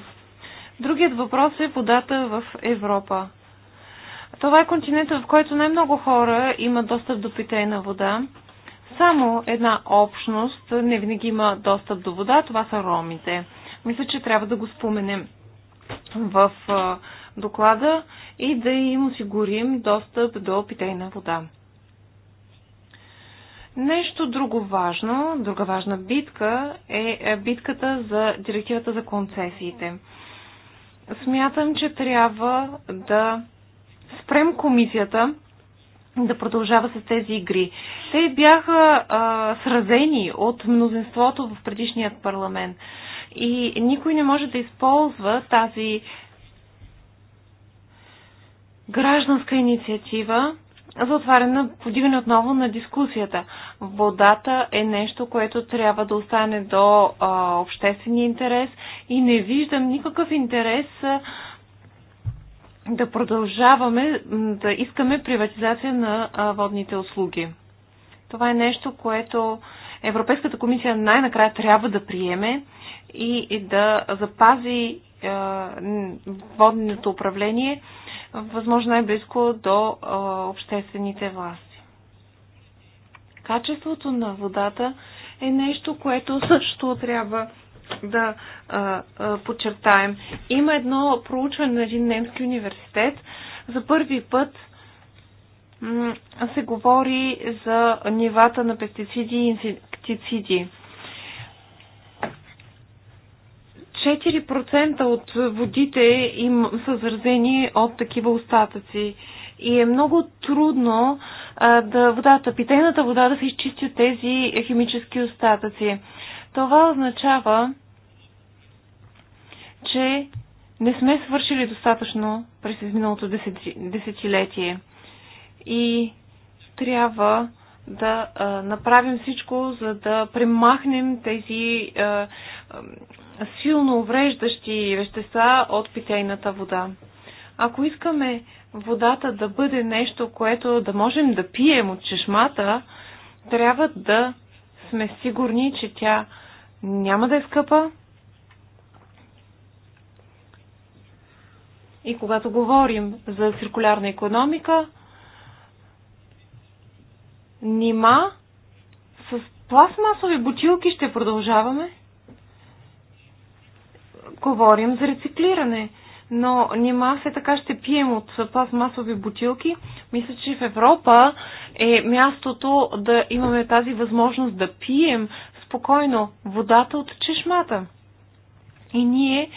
Другият въпрос е водата в Европа. Това е континент, в който най-много хора имат достъп до питейна вода. Само една общност не винаги има достъп до вода, това са ромите. Мисля, че трябва да го споменем в доклада и да им осигурим достъп до питейна вода. Нещо друго важно, друга важна битка е, е битката за директивата за концесиите. Смятам, че трябва да спрем комисията да продължава с тези игри. Те бяха а, сразени от мнозинството в предишният парламент. И никой не може да използва тази гражданска инициатива за отваряне на подигане отново на дискусията. Водата е нещо, което трябва да остане до а, обществения интерес и не виждам никакъв интерес а, да продължаваме да искаме приватизация на а, водните услуги. Това е нещо, което Европейската комисия най-накрая трябва да приеме и, и да запази водното управление възможно най-близко до а, обществените власти. Качеството на водата е нещо, което също трябва да а, а, подчертаем. Има едно проучване на един немски университет. За първи път се говори за нивата на пестициди и инсектициди. 4% от водите им са заразени от такива остатъци. И е много трудно а, да водата, питейната вода да се изчисти от тези химически остатъци. Това означава, че не сме свършили достатъчно през изминалото десетилетие. И трябва да а, направим всичко, за да премахнем тези а, силно увреждащи вещества от питейната вода. Ако искаме водата да бъде нещо, което да можем да пием от чешмата, трябва да сме сигурни, че тя няма да е скъпа. И когато говорим за циркулярна економика, нима с пластмасови бутилки ще продължаваме? говорим за рециклиране. Но няма все така ще пием от пластмасови бутилки. Мисля, че в Европа е мястото да имаме тази възможност да пием спокойно водата от чешмата. И ние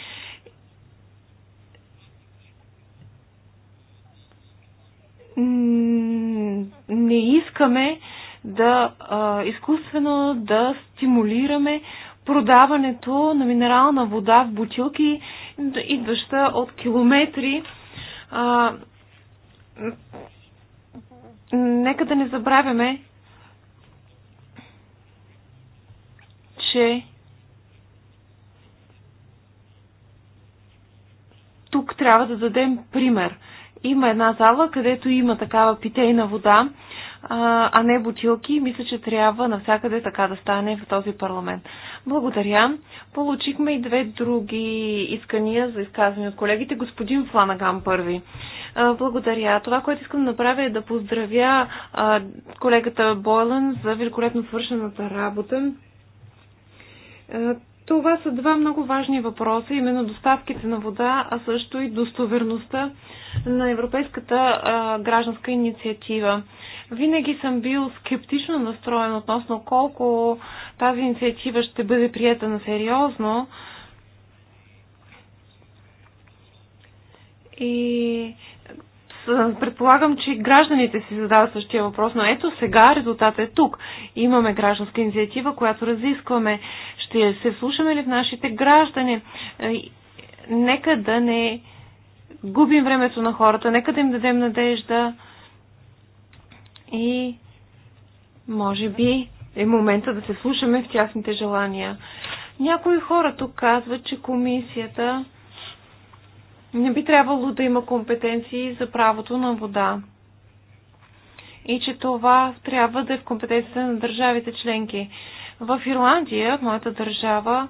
не искаме да а, изкуствено да стимулираме продаването на минерална вода в бутилки, идваща от километри. А, нека да не забравяме, че тук трябва да дадем пример. Има една зала, където има такава питейна вода а, а не бутилки. Мисля, че трябва навсякъде така да стане в този парламент. Благодаря. Получихме и две други искания за изказване от колегите. Господин Фланагам първи. благодаря. Това, което искам да направя е да поздравя а, колегата Бойлен за великолепно свършената работа. Това са два много важни въпроса, именно доставките на вода, а също и достоверността на Европейската а, гражданска инициатива. Винаги съм бил скептично настроен относно колко тази инициатива ще бъде приета на сериозно. И предполагам, че гражданите си задават същия въпрос, но ето сега резултатът е тук. Имаме гражданска инициатива, която разискваме. Ще се слушаме ли в нашите граждани? Е, нека да не губим времето на хората, нека да им дадем надежда и може би е момента да се слушаме в тяхните желания. Някои хора тук казват, че комисията не би трябвало да има компетенции за правото на вода и че това трябва да е в компетенцията на държавите членки. В Ирландия, в моята държава,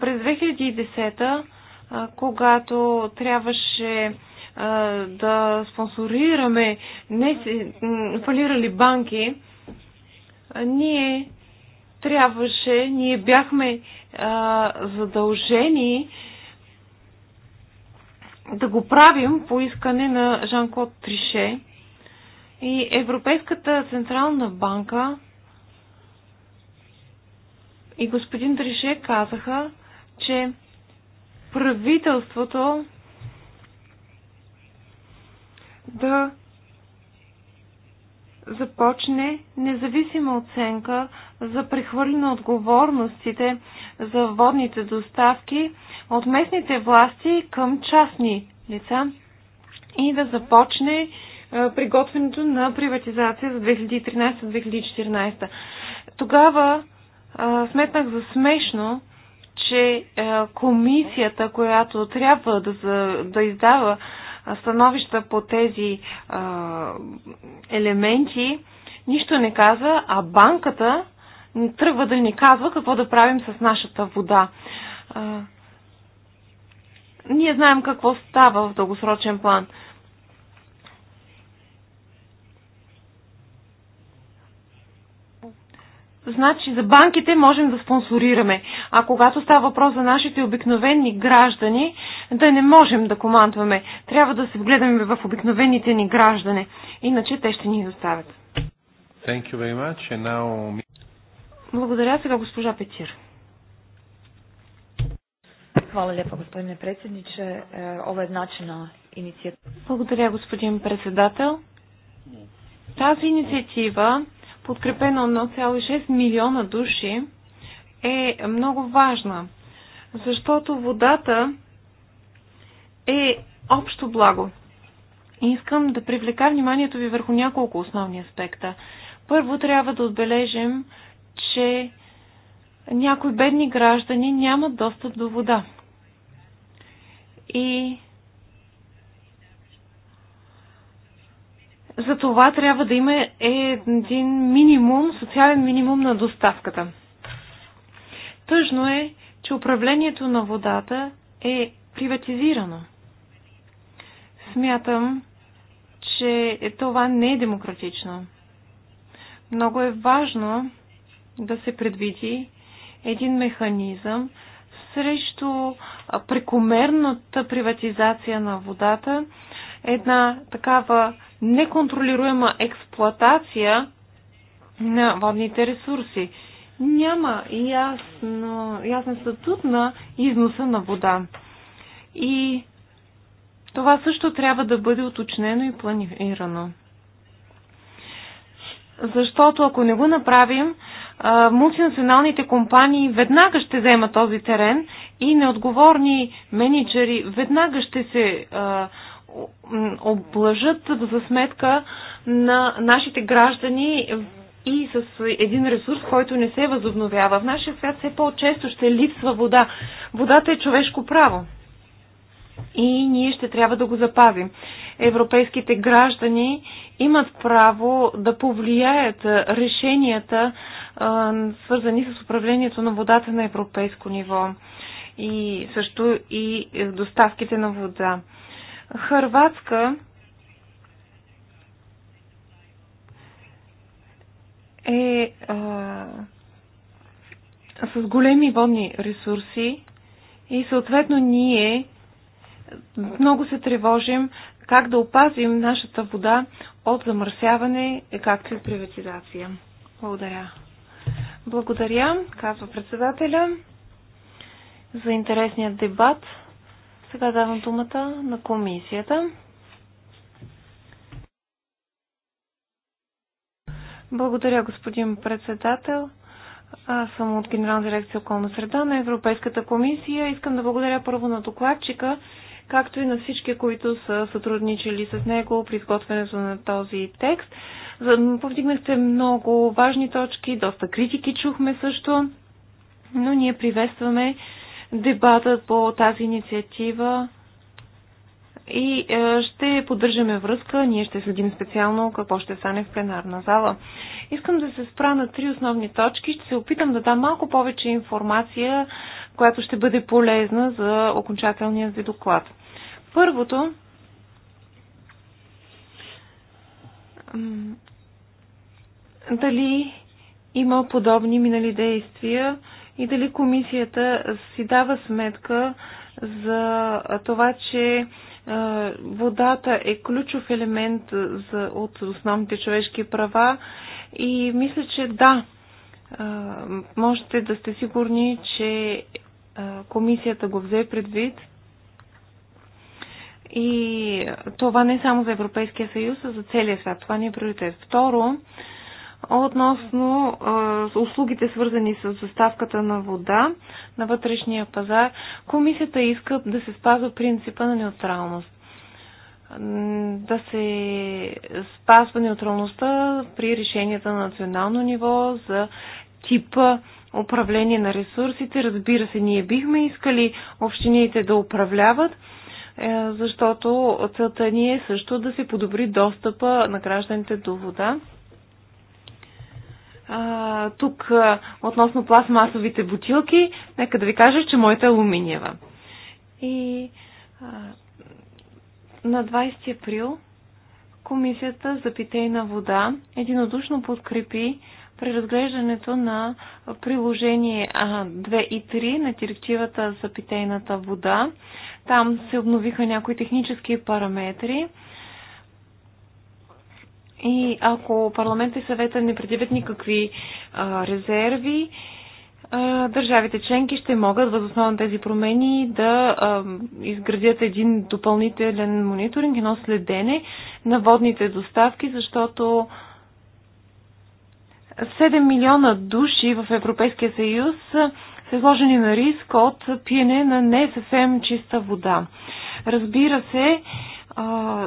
през 2010, когато трябваше да спонсорираме не фалирали банки, ние трябваше, ние бяхме а, задължени да го правим по искане на Жан-Клод Трише. И Европейската централна банка и господин Трише казаха, че правителството да започне независима оценка за прехвърляне отговорностите за водните доставки от местните власти към частни лица и да започне е, приготвянето на приватизация за 2013-2014. Тогава е, сметнах за смешно, че е, комисията, която трябва да, да издава становища по тези а, елементи, нищо не каза, а банката тръгва да ни казва какво да правим с нашата вода. А, ние знаем какво става в дългосрочен план. Значи за банките можем да спонсорираме. А когато става въпрос за нашите обикновени граждани, да не можем да командваме. Трябва да се вгледаме в обикновените ни граждане, иначе те ще ни изоставят. Now... Благодаря сега госпожа Петир. Hvala lijepa gospodine predsjedniče. Ovo je značajna инициатива. Благодаря господин председател. Тази инициатива, подкрепена от 1,6 милиона души, е много важна, защото водата е общо благо. И искам да привлека вниманието ви върху няколко основни аспекта. Първо трябва да отбележим, че някои бедни граждани нямат достъп до вода. И за това трябва да има един минимум, социален минимум на доставката. Тъжно е, че управлението на водата е приватизирано. Смятам, че това не е демократично. Много е важно да се предвиди един механизъм срещу прекомерната приватизация на водата, една такава неконтролируема експлоатация на водните ресурси. Няма ясно, ясен статут на износа на вода. И това също трябва да бъде уточнено и планирано. Защото ако не го направим, мултинационалните компании веднага ще вземат този терен и неотговорни менеджери веднага ще се облъжат за сметка на нашите граждани и с един ресурс, който не се възобновява. В нашия свят все по-често ще липсва вода. Водата е човешко право и ние ще трябва да го запазим. Европейските граждани имат право да повлияят решенията, свързани с управлението на водата на европейско ниво и също и доставките на вода. Хърватска е а, с големи водни ресурси и съответно ние много се тревожим как да опазим нашата вода от замърсяване, както и приватизация. Благодаря. Благодаря, казва председателя, за интересния дебат. Сега давам думата на комисията. Благодаря, господин председател. Аз съм от Генерална дирекция околна среда на Европейската комисия. Искам да благодаря първо на докладчика както и на всички, които са сътрудничили с него при изготвянето на този текст. Повдигнахте много важни точки, доста критики чухме също, но ние приветстваме дебата по тази инициатива и е, ще поддържаме връзка. Ние ще следим специално какво ще стане в пленарна зала. Искам да се спра на три основни точки. Ще се опитам да дам малко повече информация, която ще бъде полезна за окончателния ви доклад. Първото дали има подобни минали действия и дали комисията си дава сметка за това, че е, водата е ключов елемент за, от основните човешки права и мисля, че да, е, можете да сте сигурни, че е, комисията го взе предвид. И това не е само за Европейския съюз, а за целия свят. Това ни е приоритет. Второ, относно а, услугите свързани с доставката на вода на вътрешния пазар, комисията иска да се спазва принципа на неутралност. Да се спазва неутралността при решенията на национално ниво за типа управление на ресурсите. Разбира се, ние бихме искали общините да управляват, е, защото целта ни е също да се подобри достъпа на гражданите до вода а, тук а, относно пластмасовите бутилки, нека да ви кажа, че моята е алуминиева. И а, на 20 април Комисията за питейна вода единодушно подкрепи преразглеждането на приложение 2 и 3 на директивата за питейната вода. Там се обновиха някои технически параметри и ако парламента и съвета не предявят никакви а, резерви, а, държавите членки ще могат въз основа на тези промени да а, изградят един допълнителен мониторинг, едно следене на водните доставки, защото 7 милиона души в Европейския съюз са изложени на риск от пиене на не съвсем чиста вода. Разбира се,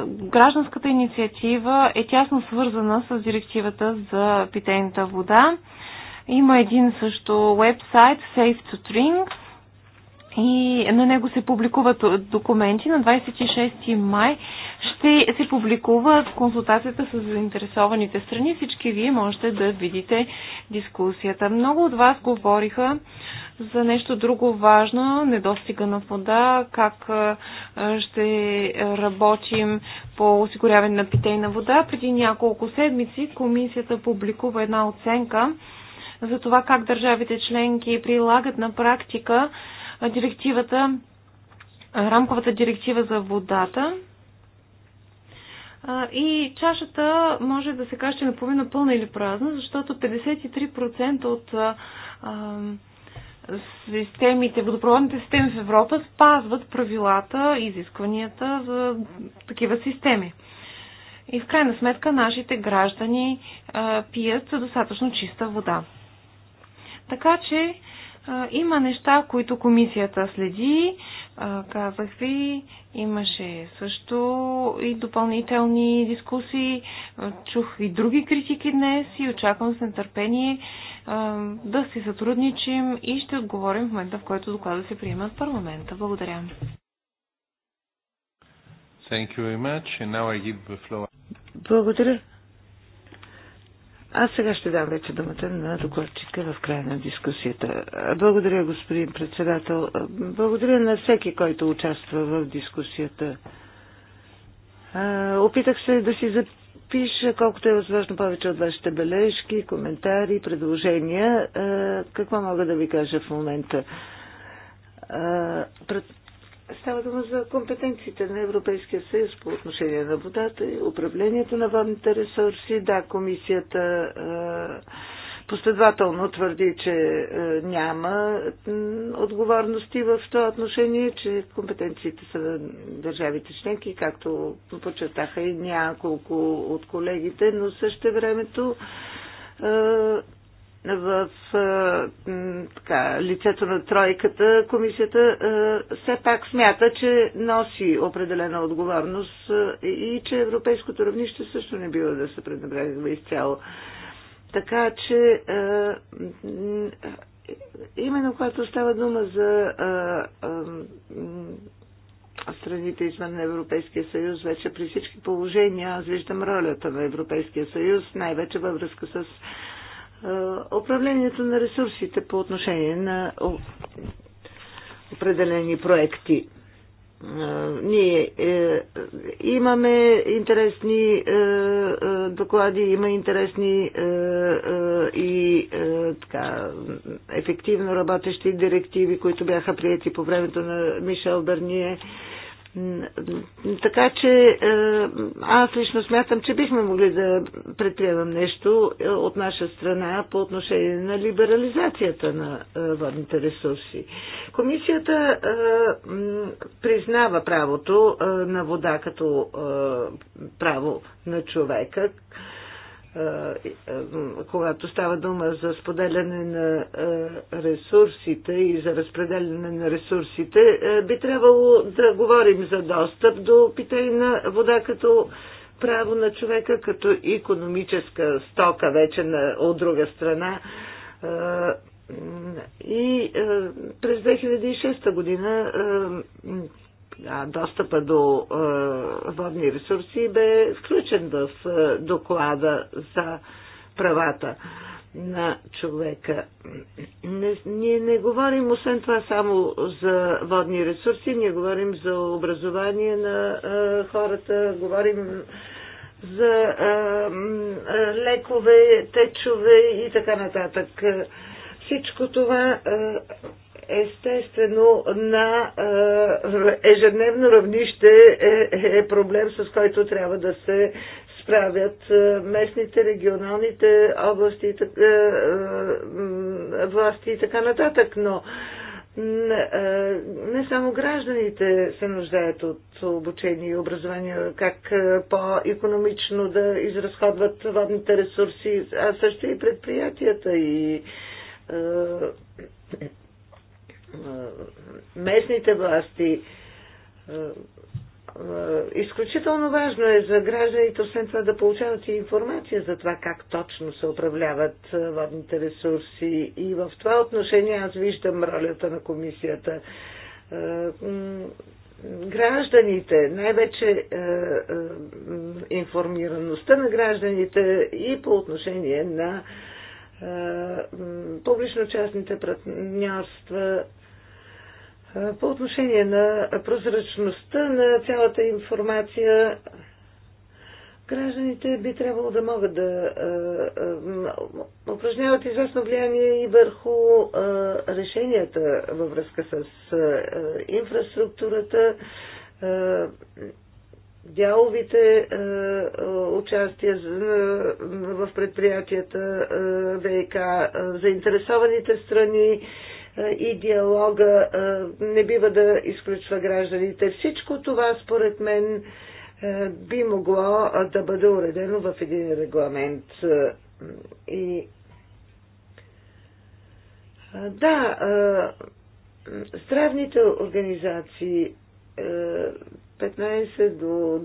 гражданската инициатива е тясно свързана с директивата за питейната вода. Има един също вебсайт Safe to Drink, и на него се публикуват документи. На 26 май ще се публикува консултацията с заинтересованите страни. Всички вие можете да видите дискусията. Много от вас говориха за нещо друго важно, недостига на вода, как ще работим по осигуряване на питейна вода. Преди няколко седмици комисията публикува една оценка за това как държавите членки прилагат на практика директивата, рамковата директива за водата. И чашата може да се каже, че е наполовина пълна или празна, защото 53% от системите, водопроводните системи в Европа спазват правилата, изискванията за такива системи. И в крайна сметка нашите граждани а, пият достатъчно чиста вода. Така че има неща, които комисията следи. Казах ви, имаше също и допълнителни дискусии. Чух и други критики днес и очаквам с нетърпение да си сътрудничим и ще отговорим в момента, в който доклада се приема в парламента. Благодаря. Благодаря. Аз сега ще дам вече думата на докладчика в края на дискусията. Благодаря, господин председател. Благодаря на всеки, който участва в дискусията. Опитах се да си запиша колкото е възможно повече от вашите бележки, коментари, предложения. Какво мога да ви кажа в момента? Става дума за компетенциите на Европейския съюз по отношение на водата и управлението на водните ресурси. Да, комисията е, последователно твърди, че е, няма отговорности в това отношение, че компетенциите са на държавите членки, както подчертаха и няколко от колегите, но също времето е, в така, лицето на тройката, комисията е, все пак смята, че носи определена отговорност е, и че европейското равнище също не бива да се пренебрегва изцяло. Така че е, именно когато става дума за страните извън Европейския съюз, вече при всички положения аз виждам ролята на Европейския съюз, най-вече във връзка с управлението на ресурсите по отношение на определени проекти. Ние е, имаме интересни е, е, доклади, има интересни и така, ефективно работещи директиви, които бяха прияти по времето на Мишел Бърние така че е, аз лично смятам, че бихме могли да предприемам нещо е, от наша страна по отношение на либерализацията на е, водните ресурси. Комисията признава правото на вода като право на човека, когато става дума за споделяне на ресурсите и за разпределяне на ресурсите, би трябвало да говорим за достъп до питейна вода като право на човека, като економическа стока вече на, от друга страна. И през 2006 година достъпа до е, водни ресурси бе включен в е, доклада за правата на човека. Не, ние не говорим освен това само за водни ресурси, ние говорим за образование на е, хората, говорим за е, е лекове, течове и така нататък. Всичко това е, естествено на е, ежедневно равнище е, е проблем, с който трябва да се справят е, местните, регионалните области, власти и така нататък. Но не само гражданите се нуждаят от обучение и образование, как по-економично да изразходват водните ресурси, а също и предприятията и местните власти. Изключително важно е за гражданите, освен това, да получават и информация за това как точно се управляват водните ресурси. И в това отношение аз виждам ролята на комисията. Гражданите, най-вече информираността на гражданите и по отношение на публично-частните партньорства по отношение на прозрачността на цялата информация, гражданите би трябвало да могат да упражняват известно влияние и върху решенията във връзка с инфраструктурата, дяловите участия в предприятията ВИК, заинтересованите страни, и диалога не бива да изключва гражданите. Всичко това, според мен, би могло да бъде уредено в един регламент. И да, здравните организации 15 до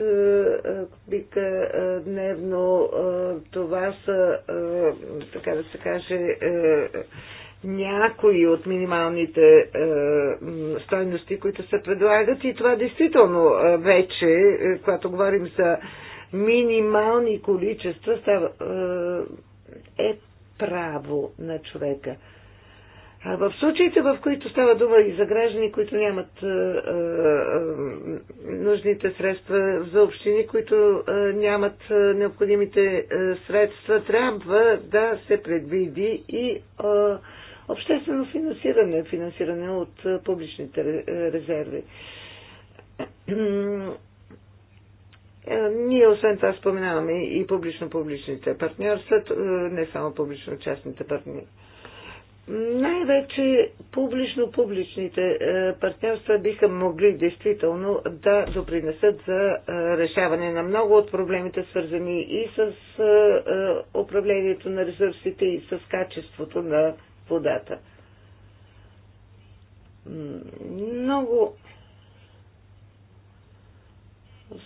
20 кубика дневно. Това са, така да се каже, някои от минималните е, стойности, които се предлагат и това действително е, вече, е, когато говорим за минимални количества, става, е, е право на човека. А в случаите, в които става дума и за граждани, които нямат е, е, е нужните средства, за общини, които е, нямат е, необходимите е, средства, трябва да се предвиди и е, обществено финансиране, финансиране от публичните резерви. Е, ние освен това споменаваме и публично-публичните партньорства, не само публично-частните партньори. Най-вече публично-публичните е, партньорства биха могли действително да допринесат за е, решаване на много от проблемите, свързани и с управлението на ресурсите, и с качеството на водата. Много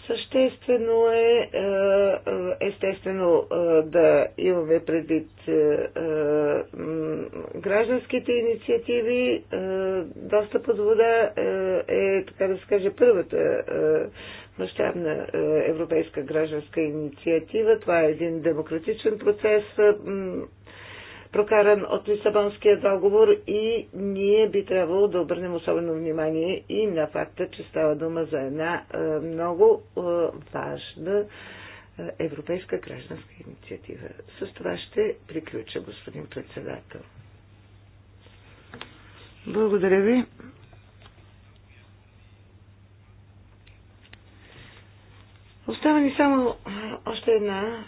Съществено е, е естествено, е, да имаме предвид е, гражданските инициативи. Доста под вода е, така да се каже, първата мащабна европейска гражданска инициатива. Това е един демократичен процес, прокаран от Лисабонския договор и ние би трябвало да обърнем особено внимание и на факта, че става дума за една много важна европейска гражданска инициатива. С това ще приключа, господин председател. Благодаря ви. Остава ни само още една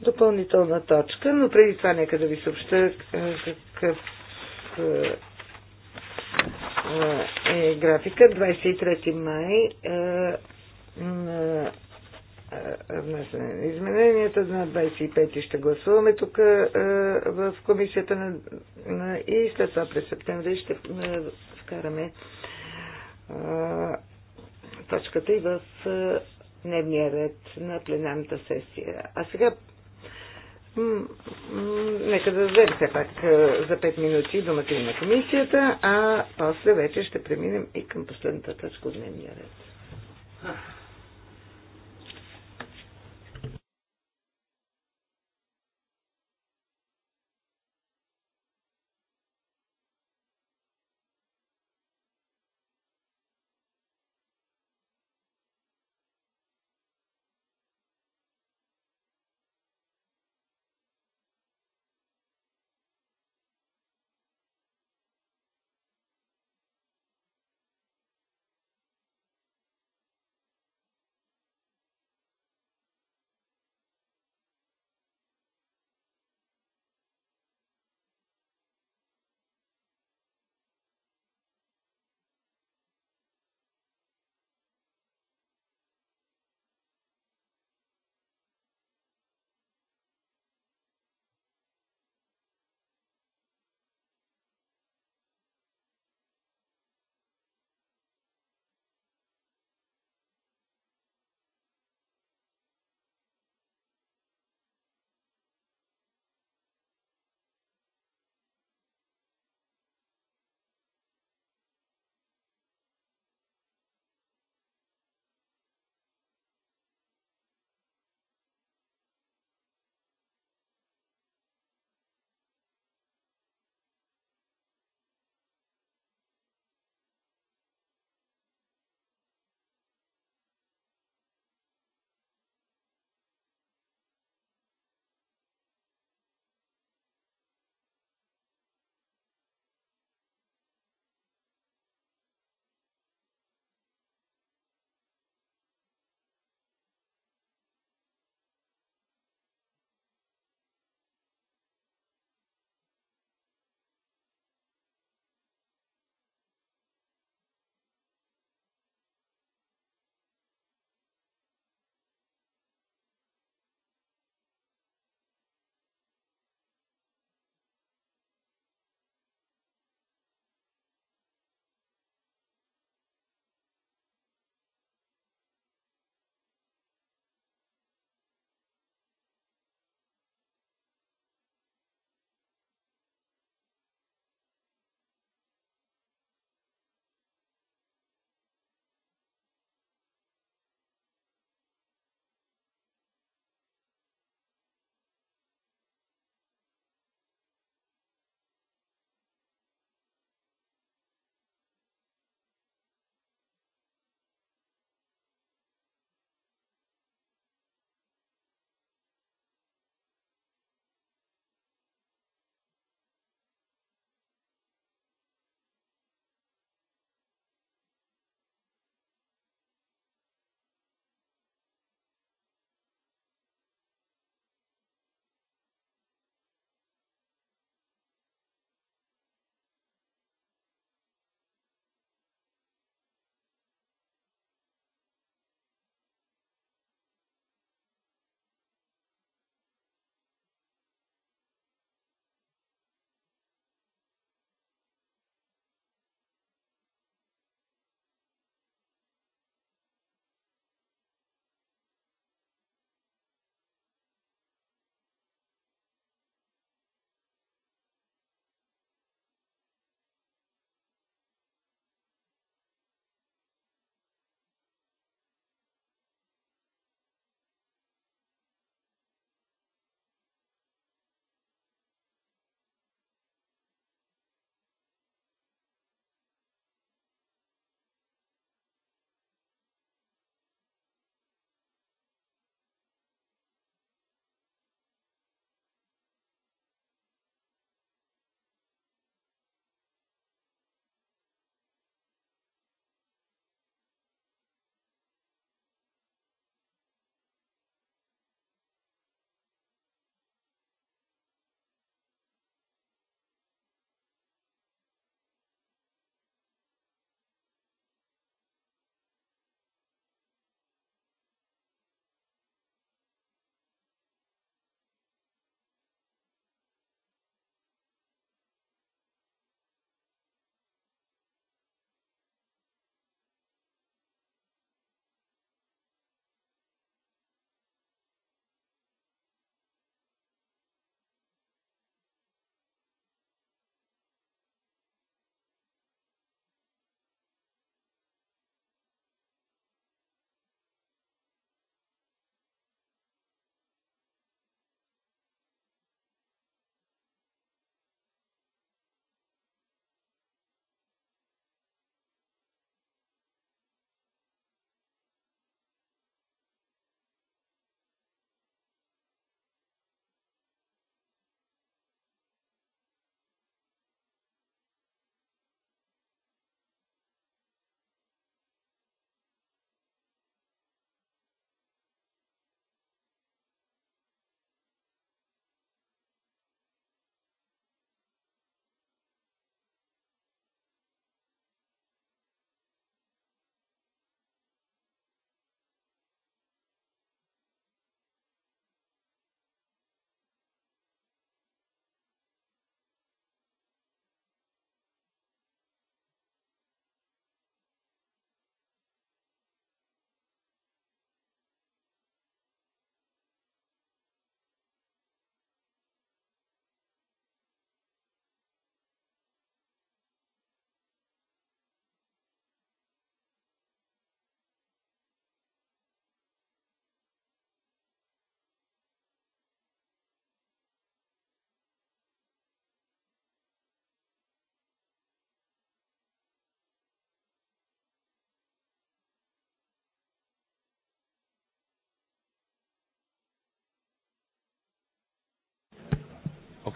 допълнителна точка, но преди това нека да ви съобща е, какъв е, е графика. 23 май е, на измененията. На 25 ще гласуваме тук в комисията на, и след това през септември ще вкараме точката и в дневния ред на пленарната сесия. А сега Нека да дадем все пак е, за 5 минути думата и на комисията, а после вече ще преминем и към последната точка от дневния ред.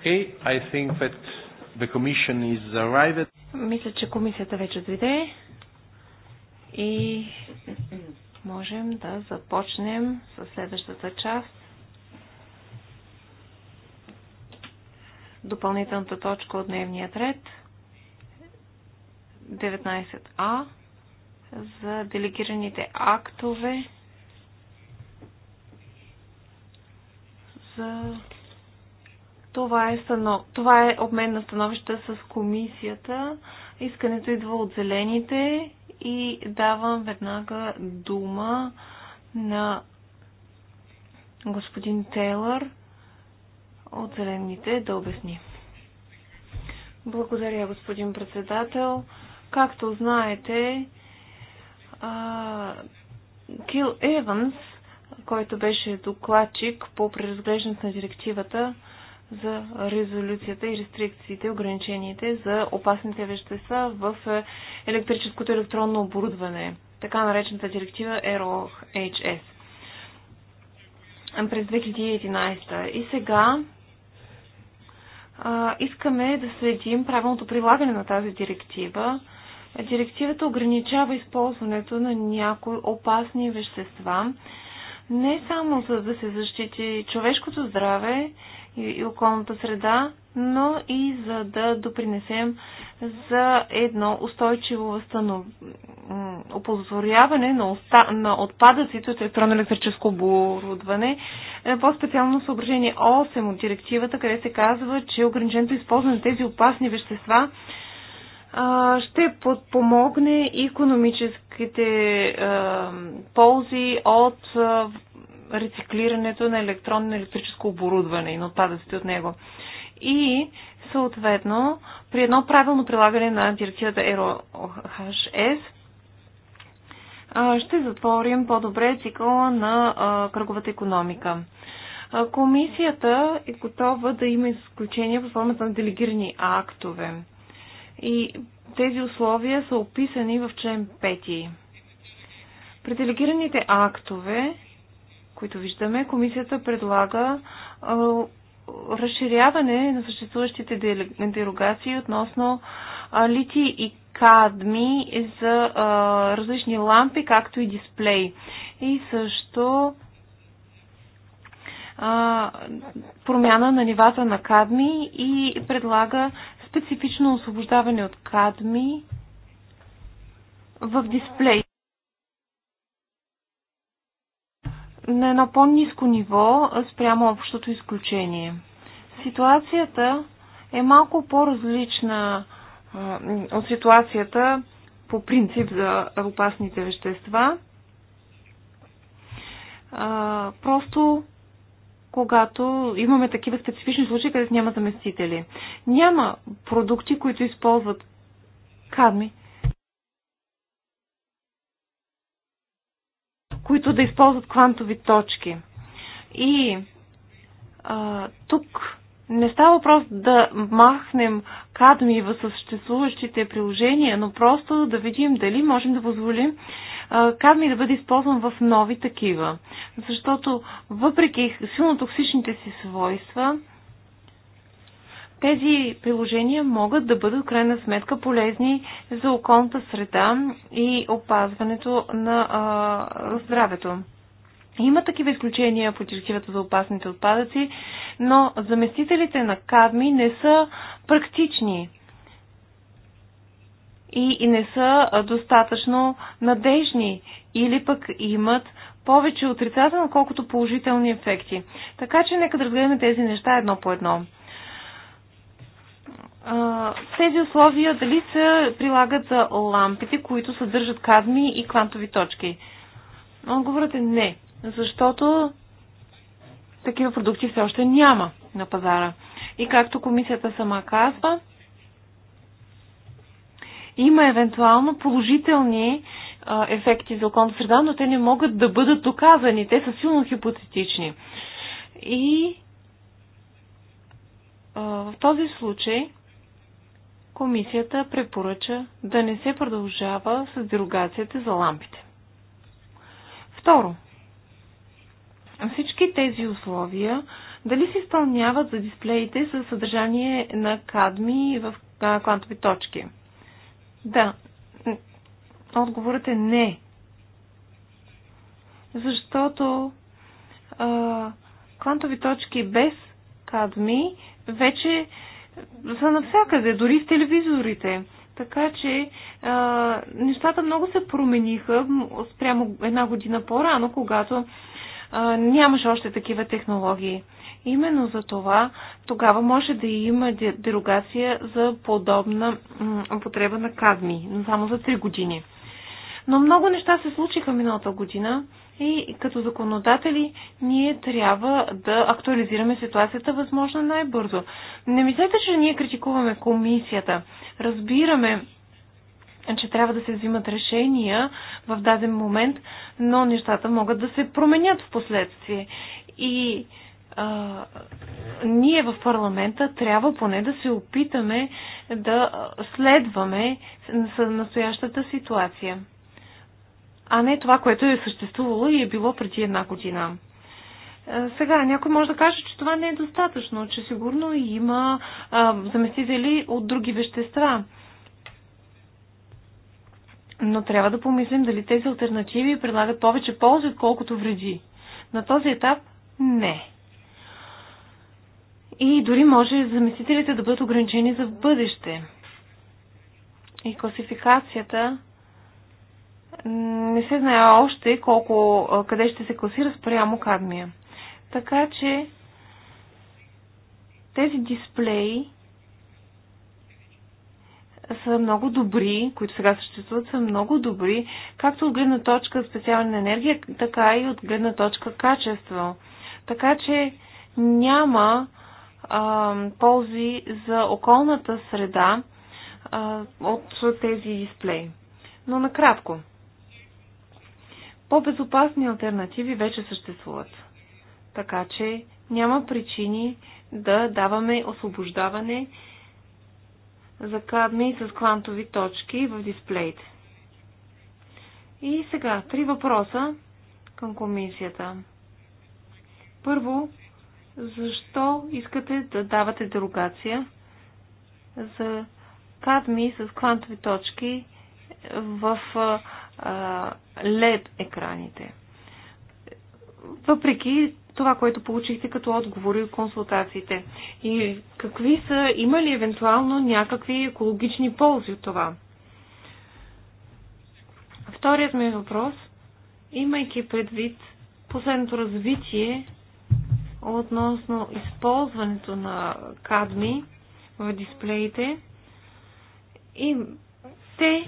Okay, I think that the commission is arrived. Мисля, че комисията вече дойде и можем да започнем с следващата част. Допълнителната точка от дневния ред 19а за делегираните актове за това е, стано... Това е обмен на становища с комисията. Искането идва от зелените и давам веднага дума на господин Тейлър от зелените да обясни. Благодаря, господин председател. Както знаете, Кил Еванс, който беше докладчик по преразглеждането на директивата, за резолюцията и рестрикциите, ограниченията за опасните вещества в е, електрическото електронно оборудване, така наречената директива ROHS през 2011. И сега а, искаме да следим правилното прилагане на тази директива. Директивата ограничава използването на някои опасни вещества, не само за да се защити човешкото здраве, и, околната среда, но и за да допринесем за едно устойчиво възстанов... оползотворяване на, на отпадъците от електронно електрическо оборудване. Е, по-специално съображение 8 от директивата, къде се казва, че ограниченото използване на тези опасни вещества ще подпомогне икономическите ползи от рециклирането на електронно електрическо оборудване и на отпадъците от него. И съответно, при едно правилно прилагане на директивата EROHS, е ще затворим по-добре цикъла на кръговата економика. Комисията е готова да има изключения в формата на делегирани актове. И тези условия са описани в член 5. При делегираните актове които виждаме, комисията предлага разширяване на съществуващите дерогации относно лити и кадми за различни лампи, както и дисплей. И също промяна на нивата на кадми и предлага специфично освобождаване от кадми в дисплей на едно по-низко ниво спрямо общото изключение. Ситуацията е малко по-различна от ситуацията по принцип за опасните вещества. просто когато имаме такива специфични случаи, където няма заместители. Няма продукти, които използват кадми които да използват квантови точки. И а, тук не става въпрос да махнем кадми в съществуващите приложения, но просто да видим дали можем да позволим кадми да бъде използван в нови такива. Защото въпреки силно токсичните си свойства, тези приложения могат да бъдат крайна сметка полезни за околната среда и опазването на а, здравето. Има такива изключения по директивата за опасните отпадъци, но заместителите на кадми не са практични и, и не са достатъчно надежни или пък имат повече отрицателно, колкото положителни ефекти. Така че нека да разгледаме тези неща едно по едно тези условия дали се прилагат за лампите, които съдържат кадми и квантови точки? Отговорът е не, защото такива продукти все още няма на пазара. И както комисията сама казва, има евентуално положителни а, ефекти за околната среда, но те не могат да бъдат доказани. Те са силно хипотетични. И а, в този случай комисията препоръча да не се продължава с дерогацията за лампите. Второ, всички тези условия дали се изпълняват за дисплеите с съдържание на кадми в квантови точки? Да. Отговорът е не. Защото а, квантови точки без кадми вече са навсякъде, дори в телевизорите. Така че а, нещата много се промениха спрямо една година по-рано, когато а, нямаше още такива технологии. Именно за това тогава може да има дерогация за подобна употреба на кадми, но само за 3 години. Но много неща се случиха миналата година и като законодатели ние трябва да актуализираме ситуацията възможно най-бързо. Не мислете, че ние критикуваме комисията. Разбираме, че трябва да се взимат решения в даден момент, но нещата могат да се променят в последствие. И а, ние в парламента трябва поне да се опитаме да следваме настоящата ситуация а не това, което е съществувало и е било преди една година. Е, сега, някой може да каже, че това не е достатъчно, че сигурно има заместители от други вещества. Но трябва да помислим дали тези альтернативи предлагат повече ползи, отколкото вреди. На този етап не. И дори може заместителите да бъдат ограничени за бъдеще. И класификацията не се знае още колко, къде ще се класира спрямо кадмия. Така че тези дисплеи са много добри, които сега съществуват, са много добри, както от гледна точка специална енергия, така и от гледна точка качество. Така че няма а, ползи за околната среда а, от тези дисплеи. Но накратко по-безопасни альтернативи вече съществуват. Така че няма причини да даваме освобождаване за кадми с квантови точки в дисплеите. И сега, три въпроса към комисията. Първо, защо искате да давате дерогация за кадми с квантови точки в LED екраните. Въпреки това, което получихте като отговори и консултациите. И какви са, има ли евентуално някакви екологични ползи от това? Вторият ми въпрос, имайки предвид последното развитие относно използването на кадми в дисплеите, и те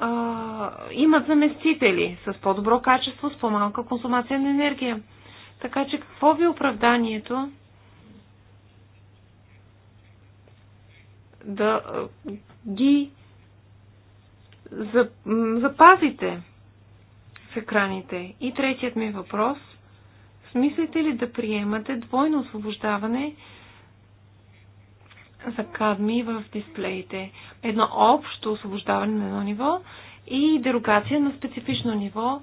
а, имат заместители с по-добро качество, с по-малка консумация на енергия. Така че какво ви е оправданието да ги запазите с екраните? И третият ми въпрос. Смислите ли да приемате двойно освобождаване за кадми в дисплеите. Едно общо освобождаване на едно ниво и дерогация на специфично ниво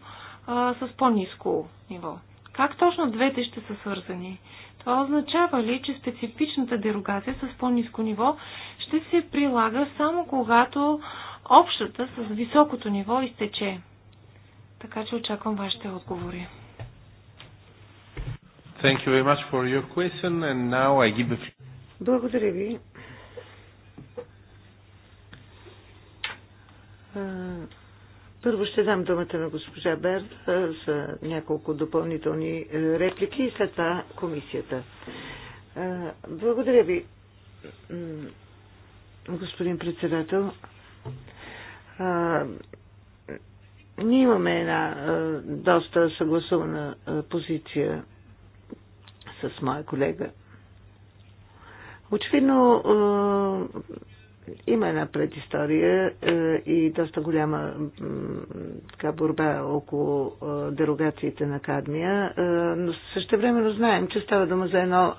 а, с по-низко ниво. Как точно двете ще са свързани? Това означава ли, че специфичната дерогация с по-низко ниво ще се прилага само когато общата с високото ниво изтече? Така че очаквам вашите отговори. Thank you very much for your question and now I give the благодаря ви. Първо ще дам думата на госпожа Берд за няколко допълнителни реплики и след това комисията. Благодаря ви, господин председател. Ние имаме една доста съгласувана позиция с моя колега Очевидно е, има една предистория е, и доста голяма така, борба около е, дерогациите на кадмия, но същевременно знаем, че става дума за едно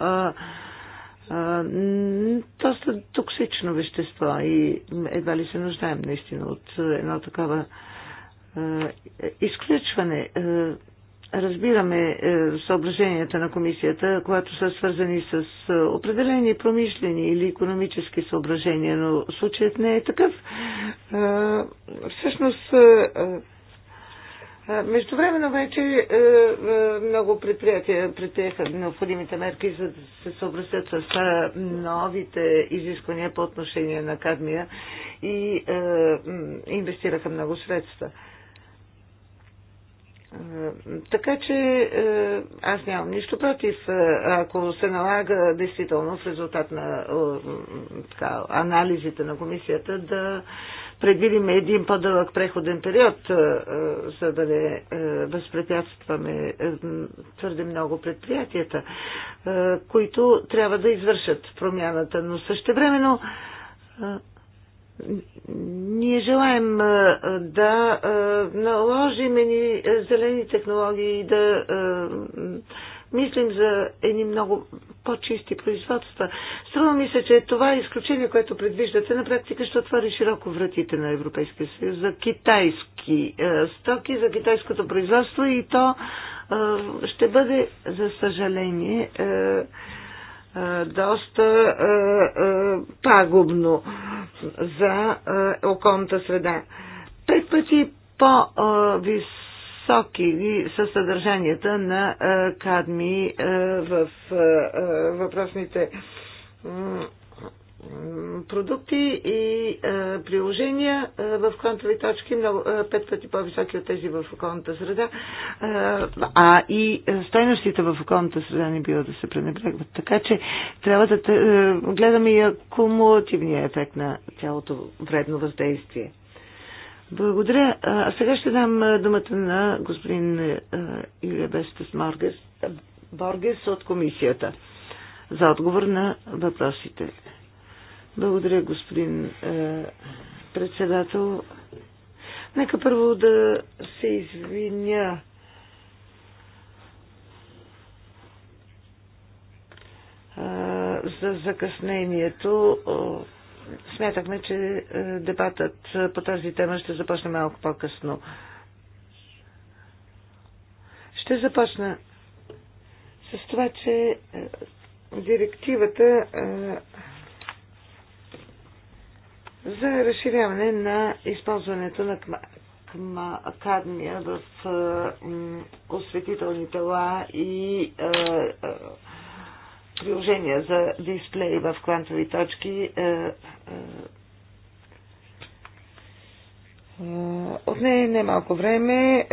доста токсично вещество и едва ли се нуждаем наистина от едно такова изключване разбираме е, съображенията на комисията, които са свързани с е, определени промишлени или економически съображения, но случаят не е такъв. Е, всъщност, Междувременно вече много предприятия предприеха необходимите мерки, за да се съобразят с новите изисквания по отношение на кадмия и инвестираха много средства. Е, така че е, аз нямам нищо против, е, ако се налага действително в резултат на така, анализите на комисията да предвидим един по-дълъг преходен период, за да не възпрепятстваме твърде много предприятията, които трябва да извършат промяната. Но също времено. Ние желаем да наложим едни зелени технологии, да мислим за едни много по-чисти производства. Струва ми се, че това изключение, което предвиждате, на практика ще отвори широко вратите на Европейския съюз за китайски стоки, за китайското производство и то ще бъде, за съжаление, доста пагубно за околната среда. Пет пъти по-високи са съдържанията на кадми в въпросните продукти и а, приложения а, в квантови точки много, а, пет пъти по-високи от тези в околната среда, а, а и стойностите в околната среда не бива да се пренебрегват. Така че трябва да а, гледаме и акумулативния ефект на цялото вредно въздействие. Благодаря. А сега ще дам думата на господин Илия Бестес Боргес от комисията за отговор на въпросите. Благодаря, господин е, председател. Нека първо да се извиня. Е, за закъснението. Е, смятахме, че дебатът по тази тема ще започне малко по-късно. Ще започна с това, че директивата за разширяване на използването на кадмия в осветителни тела и приложения за дисплей в квантови точки от нея не е малко време. Е,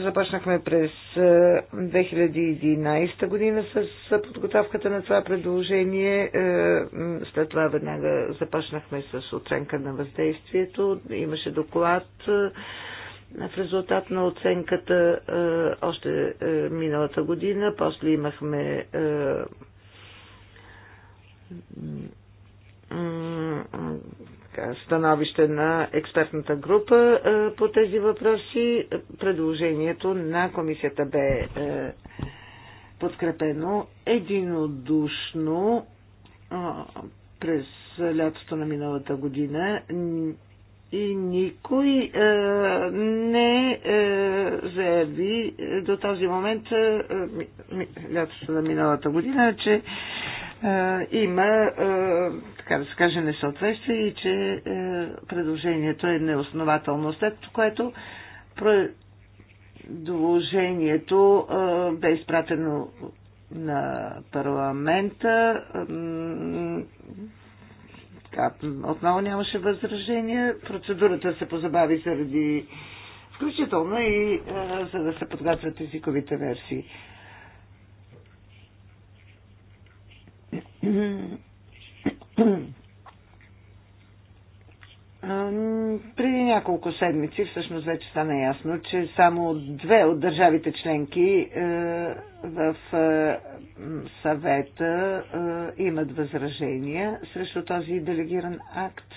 започнахме през 2011 е, година с подготовката на това предложение. След това веднага започнахме с оценка на въздействието. Имаше доклад. В резултат на оценката още миналата година, после имахме така, становище на експертната група е, по тези въпроси. Предложението на комисията бе е, подкрепено единодушно е, през лятото на миналата година и никой е, не е, заяви до този момент, е, лятото на миналата година, че е, има е, така да се каже, несъответствие и че е, предложението е неоснователно, след което предложението е, бе изпратено на парламента. Така, отново нямаше възражения. Процедурата се позабави заради включително и е, за да се подготвят езиковите версии. Преди няколко седмици всъщност вече стана ясно, че само две от държавите членки е, в е, съвета е, имат възражения срещу този делегиран акт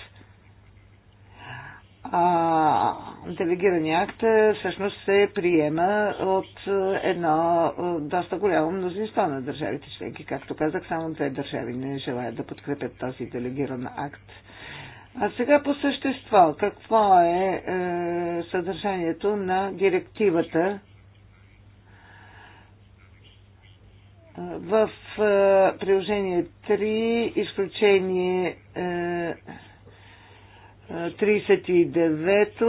а делегирания акт е, всъщност се приема от е, едно е, доста голямо мнозинство на държавите членки. Както казах, само две държави не желаят да подкрепят този делегиран акт. А сега по същество, какво е, е съдържанието на директивата в е, приложение 3, изключение е, 39-то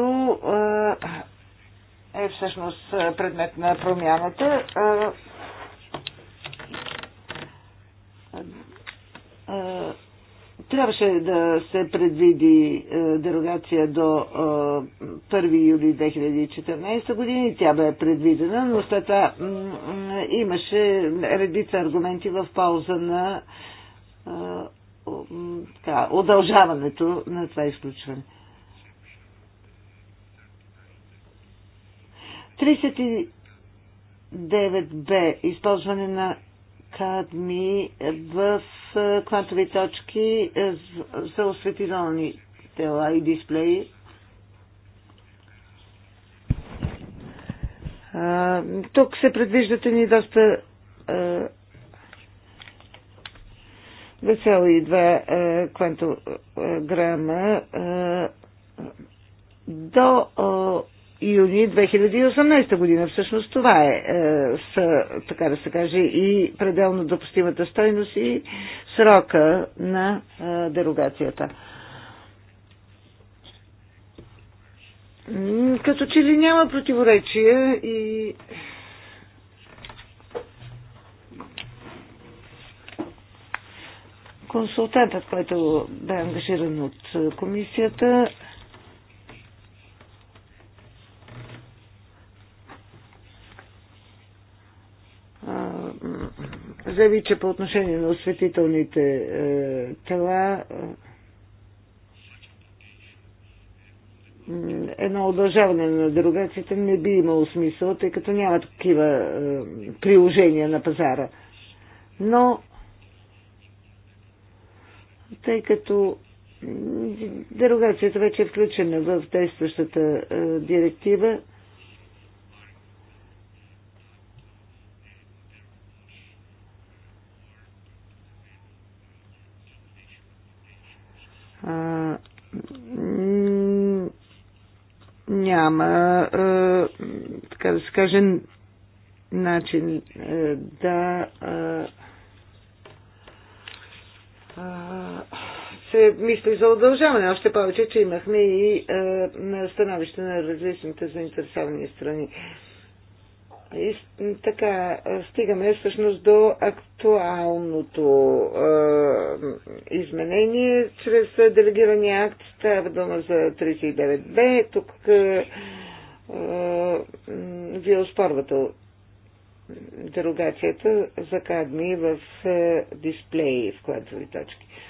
е, е всъщност предмет на промяната. Е, е, трябваше да се предвиди дерогация до 1 юли 2014 години. Тя бе предвидена, но след това имаше редица аргументи в пауза на така, удължаването на това изключване. 39б. Използване на кадми в квантови точки за осветителни тела и дисплеи. Тук се предвиждат ни доста 2,2 е, квантограма е, е, до юни 2018 година. Всъщност това е, така да се каже, и пределно допустимата стойност и срока на дерогацията. Като че ли няма противоречия и консултантът, който бе ангажиран от е, комисията, заяви, че по отношение на осветителните е, тела е, едно удължаване на дерогацията не би имало смисъл, тъй като няма такива приложения на пазара. Но тъй като дерогацията вече е включена в действащата е, директива. А, няма, а, е, така да се каже, начин а, е, да а, се мисли за удължаване. Още повече, че имахме и е, становище на различните заинтересовани страни. И така, стигаме всъщност до актуалното е, изменение чрез делегирания акт. Става дума за 39Б. Тук е, е, вие оспорвате дерогацията за кадми в е, дисплеи, в кладцови точки. Е,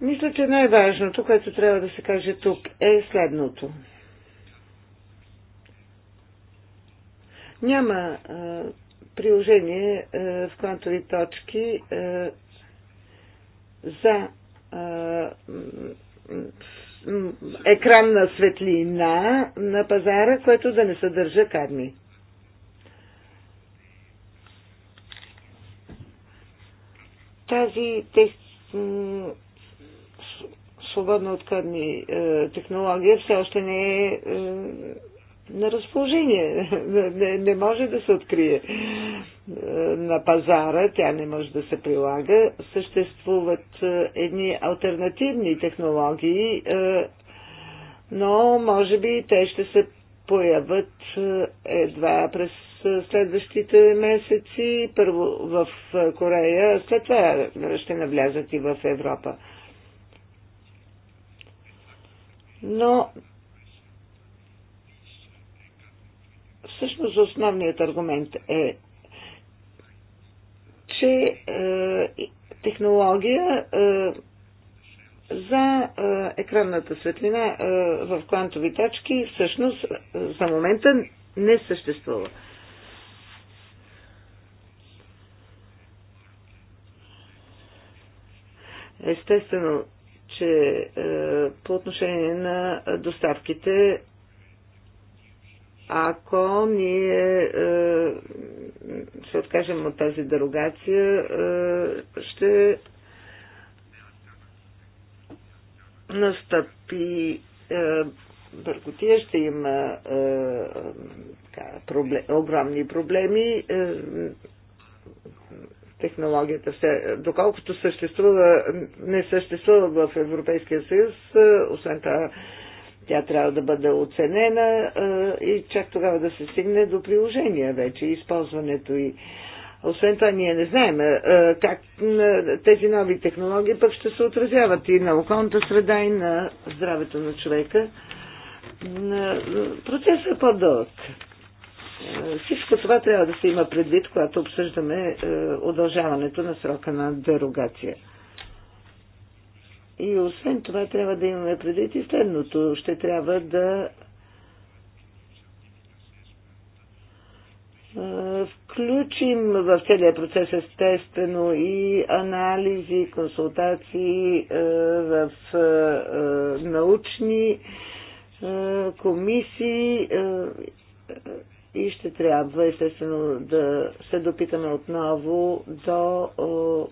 Мисля, че най-важното, което трябва да се каже тук, е следното. Няма а, приложение а, в квантови точки а, за а, екранна светлина на пазара, което да не съдържа кадми. Тази тех свободно откъдни е, технология все още не е, е на разположение. Не, не може да се открие е, на пазара, тя не може да се прилага. Съществуват едни альтернативни технологии, но може би те ще се появят едва през следващите месеци, първо в Корея, след това ще навлязат и в Европа но всъщност основният аргумент е, че е, технология е, за е, екранната светлина е, в квантови тачки всъщност е, за момента не съществува. Естествено, че е, по отношение на доставките, ако ние се откажем от тази дерогация, е, ще настъпи е, бъркотия, ще има така, проблем, огромни проблеми технологията. Доколкото съществува, не съществува в Европейския съюз, освен това тя трябва да бъде оценена и чак тогава да се стигне до приложения вече, използването и освен това, ние не знаем как тези нови технологии пък ще се отразяват и на околната среда, и на здравето на човека. Процесът е по-дълъг. Е, всичко това трябва да се има предвид, когато обсъждаме е, удължаването на срока на дерогация. И освен това трябва да имаме предвид и следното. Ще трябва да е, включим в целия процес естествено и анализи, консултации в научни комисии и ще трябва естествено да се допитаме отново до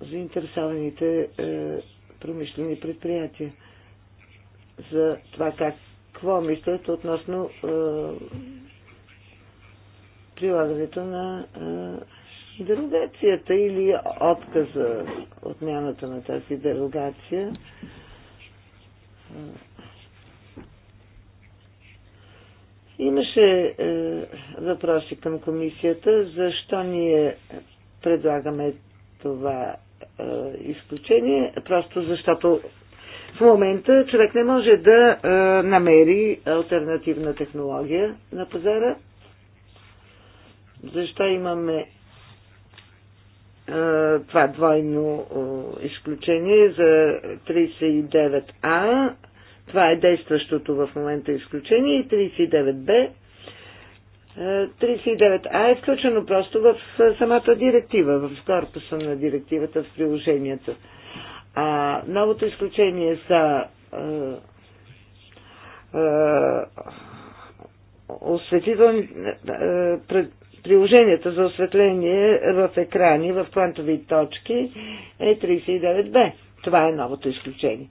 заинтересованите е, промишлени предприятия за това как, какво мислят относно е, прилагането на е, Дерогацията или отказа отмяната на тази дерогация Имаше е, въпроси към комисията, защо ние предлагаме това е, изключение, просто защото в момента човек не може да е, намери альтернативна технология на пазара. Защо имаме това двойно изключение за 39А. Това е действащото в момента изключение и 39Б. 39А е включено просто в самата директива, в корпуса на директивата, в приложенията. А новото изключение са осветителни приложенията за осветление в екрани, в квантови точки е 39b. Това е новото изключение.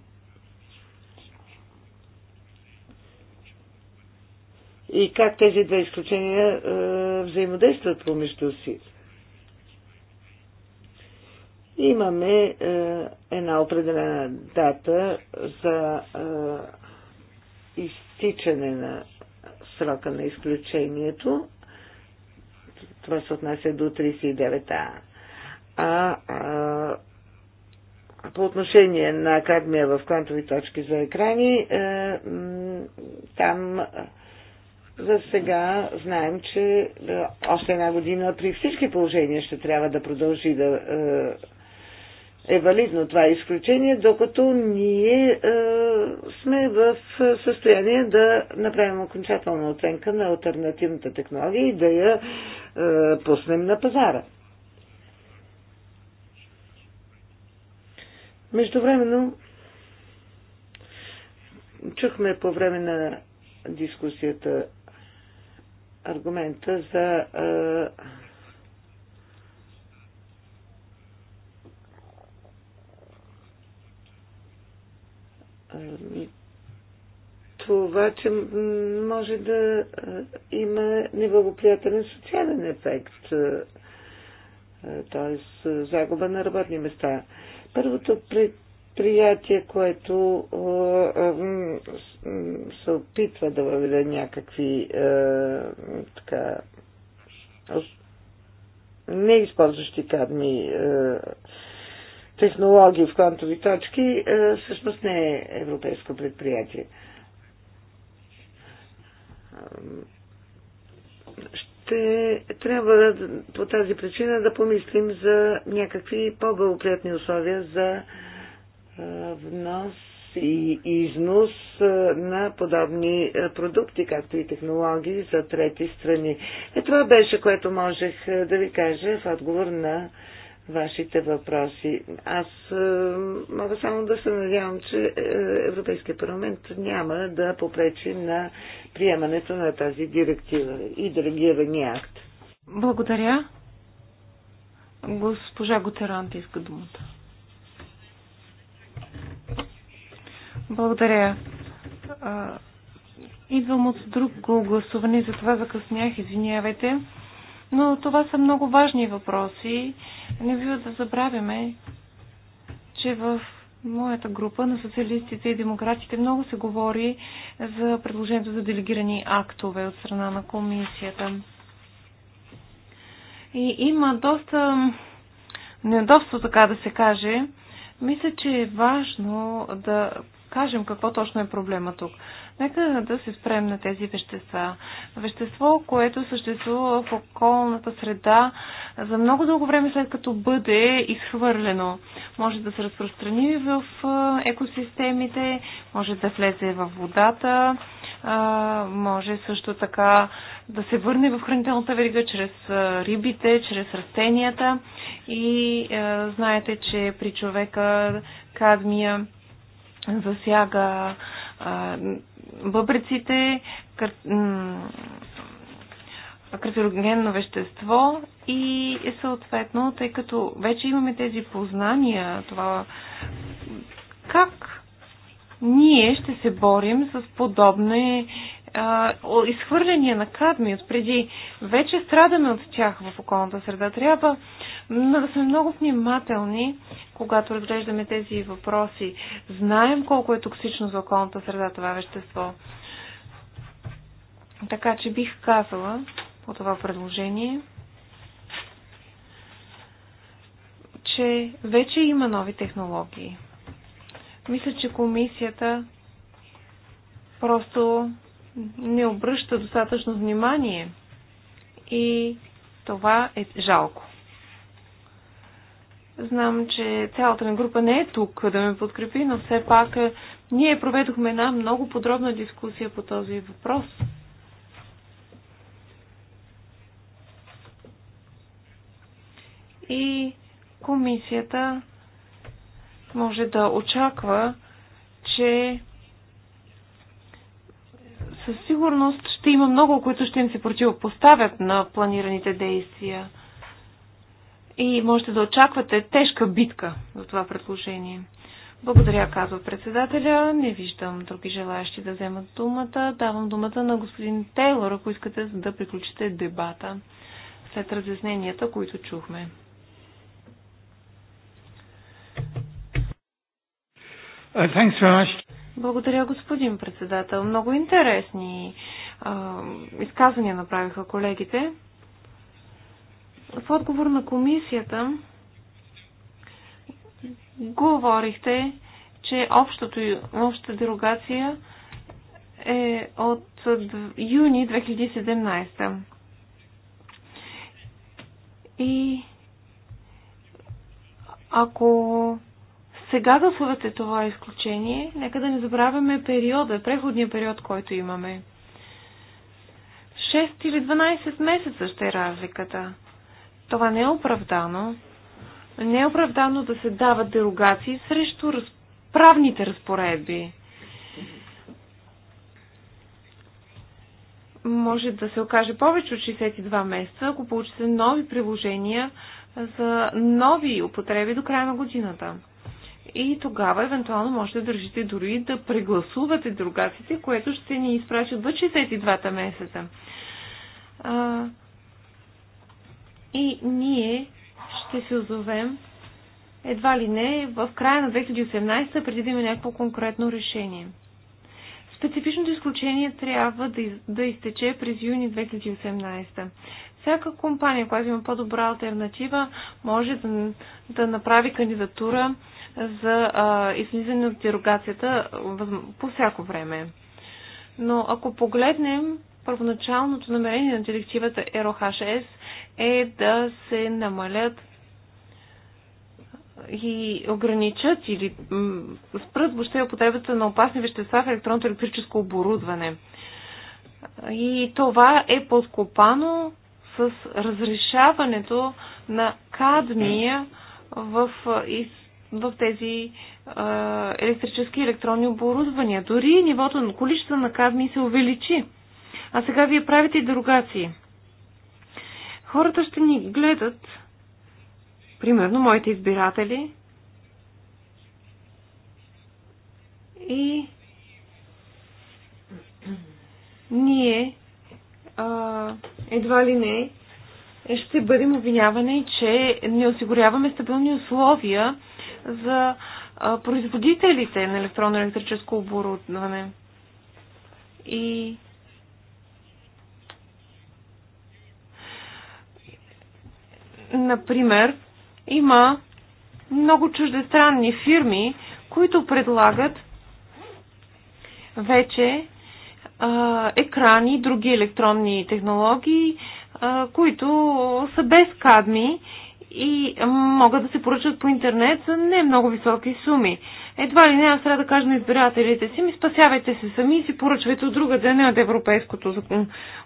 И как тези две изключения е, взаимодействат помежду си? Имаме е, една определена дата за е, изтичане на срока на изключението. Това се отнася до 39 та А, а по отношение на кадмия в квантови точки за екрани, е, там е, за сега знаем, че е, още една година при всички положения ще трябва да продължи да е валидно това е изключение, докато ние е, сме в състояние да направим окончателна оценка на альтернативната технология и да я е, пуснем на пазара. Междувременно чухме по време на дискусията аргумента за е, това, че може да има неблагоприятен социален ефект, т.е. загуба на работни места. Първото предприятие, което се опитва да въведе някакви така, не използващи кадми технологии в квантови точки е, всъщност не е европейско предприятие. Ще трябва по тази причина да помислим за някакви по-благоприятни условия за е, внос и износ е, на подобни продукти, както и технологии за трети страни. Е, това беше, което можех да ви кажа в отговор на вашите въпроси. Аз е, мога само да се надявам, че е, Европейския парламент няма да попречи на приемането на тази директива и делегирания акт. Благодаря. Госпожа Готерант иска думата. Благодаря. Идвам от друго гласуване, затова закъснях. Извинявайте. Но това са много важни въпроси. Не бива да забравяме, че в моята група на социалистите и демократите много се говори за предложението за делегирани актове от страна на комисията. И има доста недобство, така да се каже. Мисля, че е важно да кажем какво точно е проблема тук. Нека да се спрем на тези вещества. Вещество, което съществува в околната среда за много дълго време след като бъде изхвърлено. Може да се разпространи в екосистемите, може да влезе в водата, може също така да се върне в хранителната верига чрез рибите, чрез растенията и знаете, че при човека кадмия засяга бъбреците, кар... карцерогенно вещество и съответно, тъй като вече имаме тези познания, това как ние ще се борим с подобни изхвърляния на кадми от преди. Вече страдаме от тях в околната среда. Трябва да сме много внимателни, когато разглеждаме тези въпроси. Знаем колко е токсично за околната среда това вещество. Така че бих казала по това предложение, че вече има нови технологии. Мисля, че комисията просто не обръща достатъчно внимание и това е жалко. Знам, че цялата ми група не е тук да ме подкрепи, но все пак е, ние проведохме една много подробна дискусия по този въпрос. И комисията може да очаква, че със сигурност ще има много, които ще им се противопоставят на планираните действия и можете да очаквате тежка битка за това предложение. Благодаря, казва председателя. Не виждам други желаящи да вземат думата. Давам думата на господин Тейлор, ако искате да приключите дебата след разясненията, които чухме. Uh, Благодаря, господин председател. Много интересни а, изказвания направиха колегите. В отговор на комисията говорихте, че общото, общата дерогация е от юни 2017. И ако сега гласувате това изключение, нека да не забравяме периода, преходния период, който имаме. 6 или 12 месеца ще е разликата. Това не е оправдано. Не е оправдано да се дават дерогации срещу раз... правните разпоредби. Може да се окаже повече от 62 месеца, ако получите нови приложения за нови употреби до края на годината. И тогава, евентуално, можете да държите дори да прегласувате дерогациите, което ще ни изпрати до 62-та месеца и ние ще се озовем едва ли не в края на 2018 преди да има някакво конкретно решение. Специфичното изключение трябва да, из, да изтече през юни 2018. Всяка компания, която има по-добра альтернатива, може да, да направи кандидатура за а, излизане от дерогацията по всяко време. Но ако погледнем първоначалното намерение на директивата ROHS, е да се намалят и ограничат или спрат въобще употребата на опасни вещества в електронното електрическо оборудване. И това е подкопано с разрешаването на кадмия в, в тези електрически и електронни оборудвания. Дори нивото на количество на кадмия се увеличи. А сега вие правите и дерогации – хората ще ни гледат, примерно моите избиратели, и ние а, едва ли не ще бъдем обвинявани, че не осигуряваме стабилни условия за а, производителите на електронно-електрическо оборудване. И Например, има много чуждестранни фирми, които предлагат вече а, екрани и други електронни технологии, а, които са без кадми и могат да се поръчат по интернет за не много високи суми. Едва ли не, аз трябва да кажа на избирателите си, ми спасявайте се сами и си поръчвайте от друга, да не от, европейското,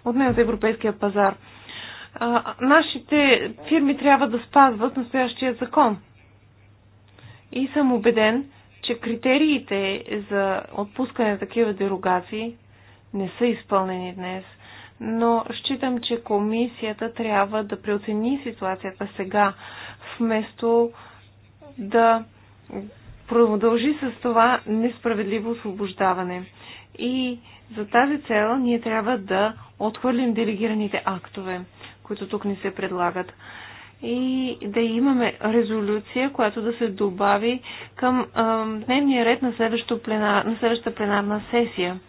от не от европейския пазар а, нашите фирми трябва да спазват настоящия закон. И съм убеден, че критериите за отпускане на такива дерогации не са изпълнени днес. Но считам, че комисията трябва да преоцени ситуацията сега, вместо да продължи с това несправедливо освобождаване. И за тази цел ние трябва да отхвърлим делегираните актове които тук ни се предлагат. И да имаме резолюция, която да се добави към а, дневния ред на, пленар, на следващата пленарна сесия.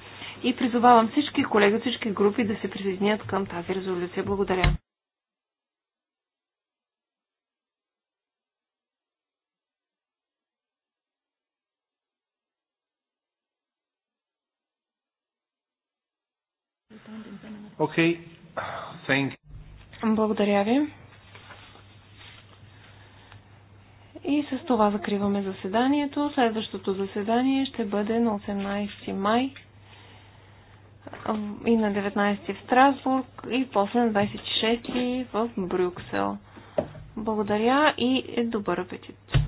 И призовавам всички колеги, всички групи да се присъединят към тази резолюция. Благодаря. Okay. Thank благодаря ви. И с това закриваме заседанието. Следващото заседание ще бъде на 18 май и на 19 в Страсбург и после на 26 в Брюксел. Благодаря и добър апетит!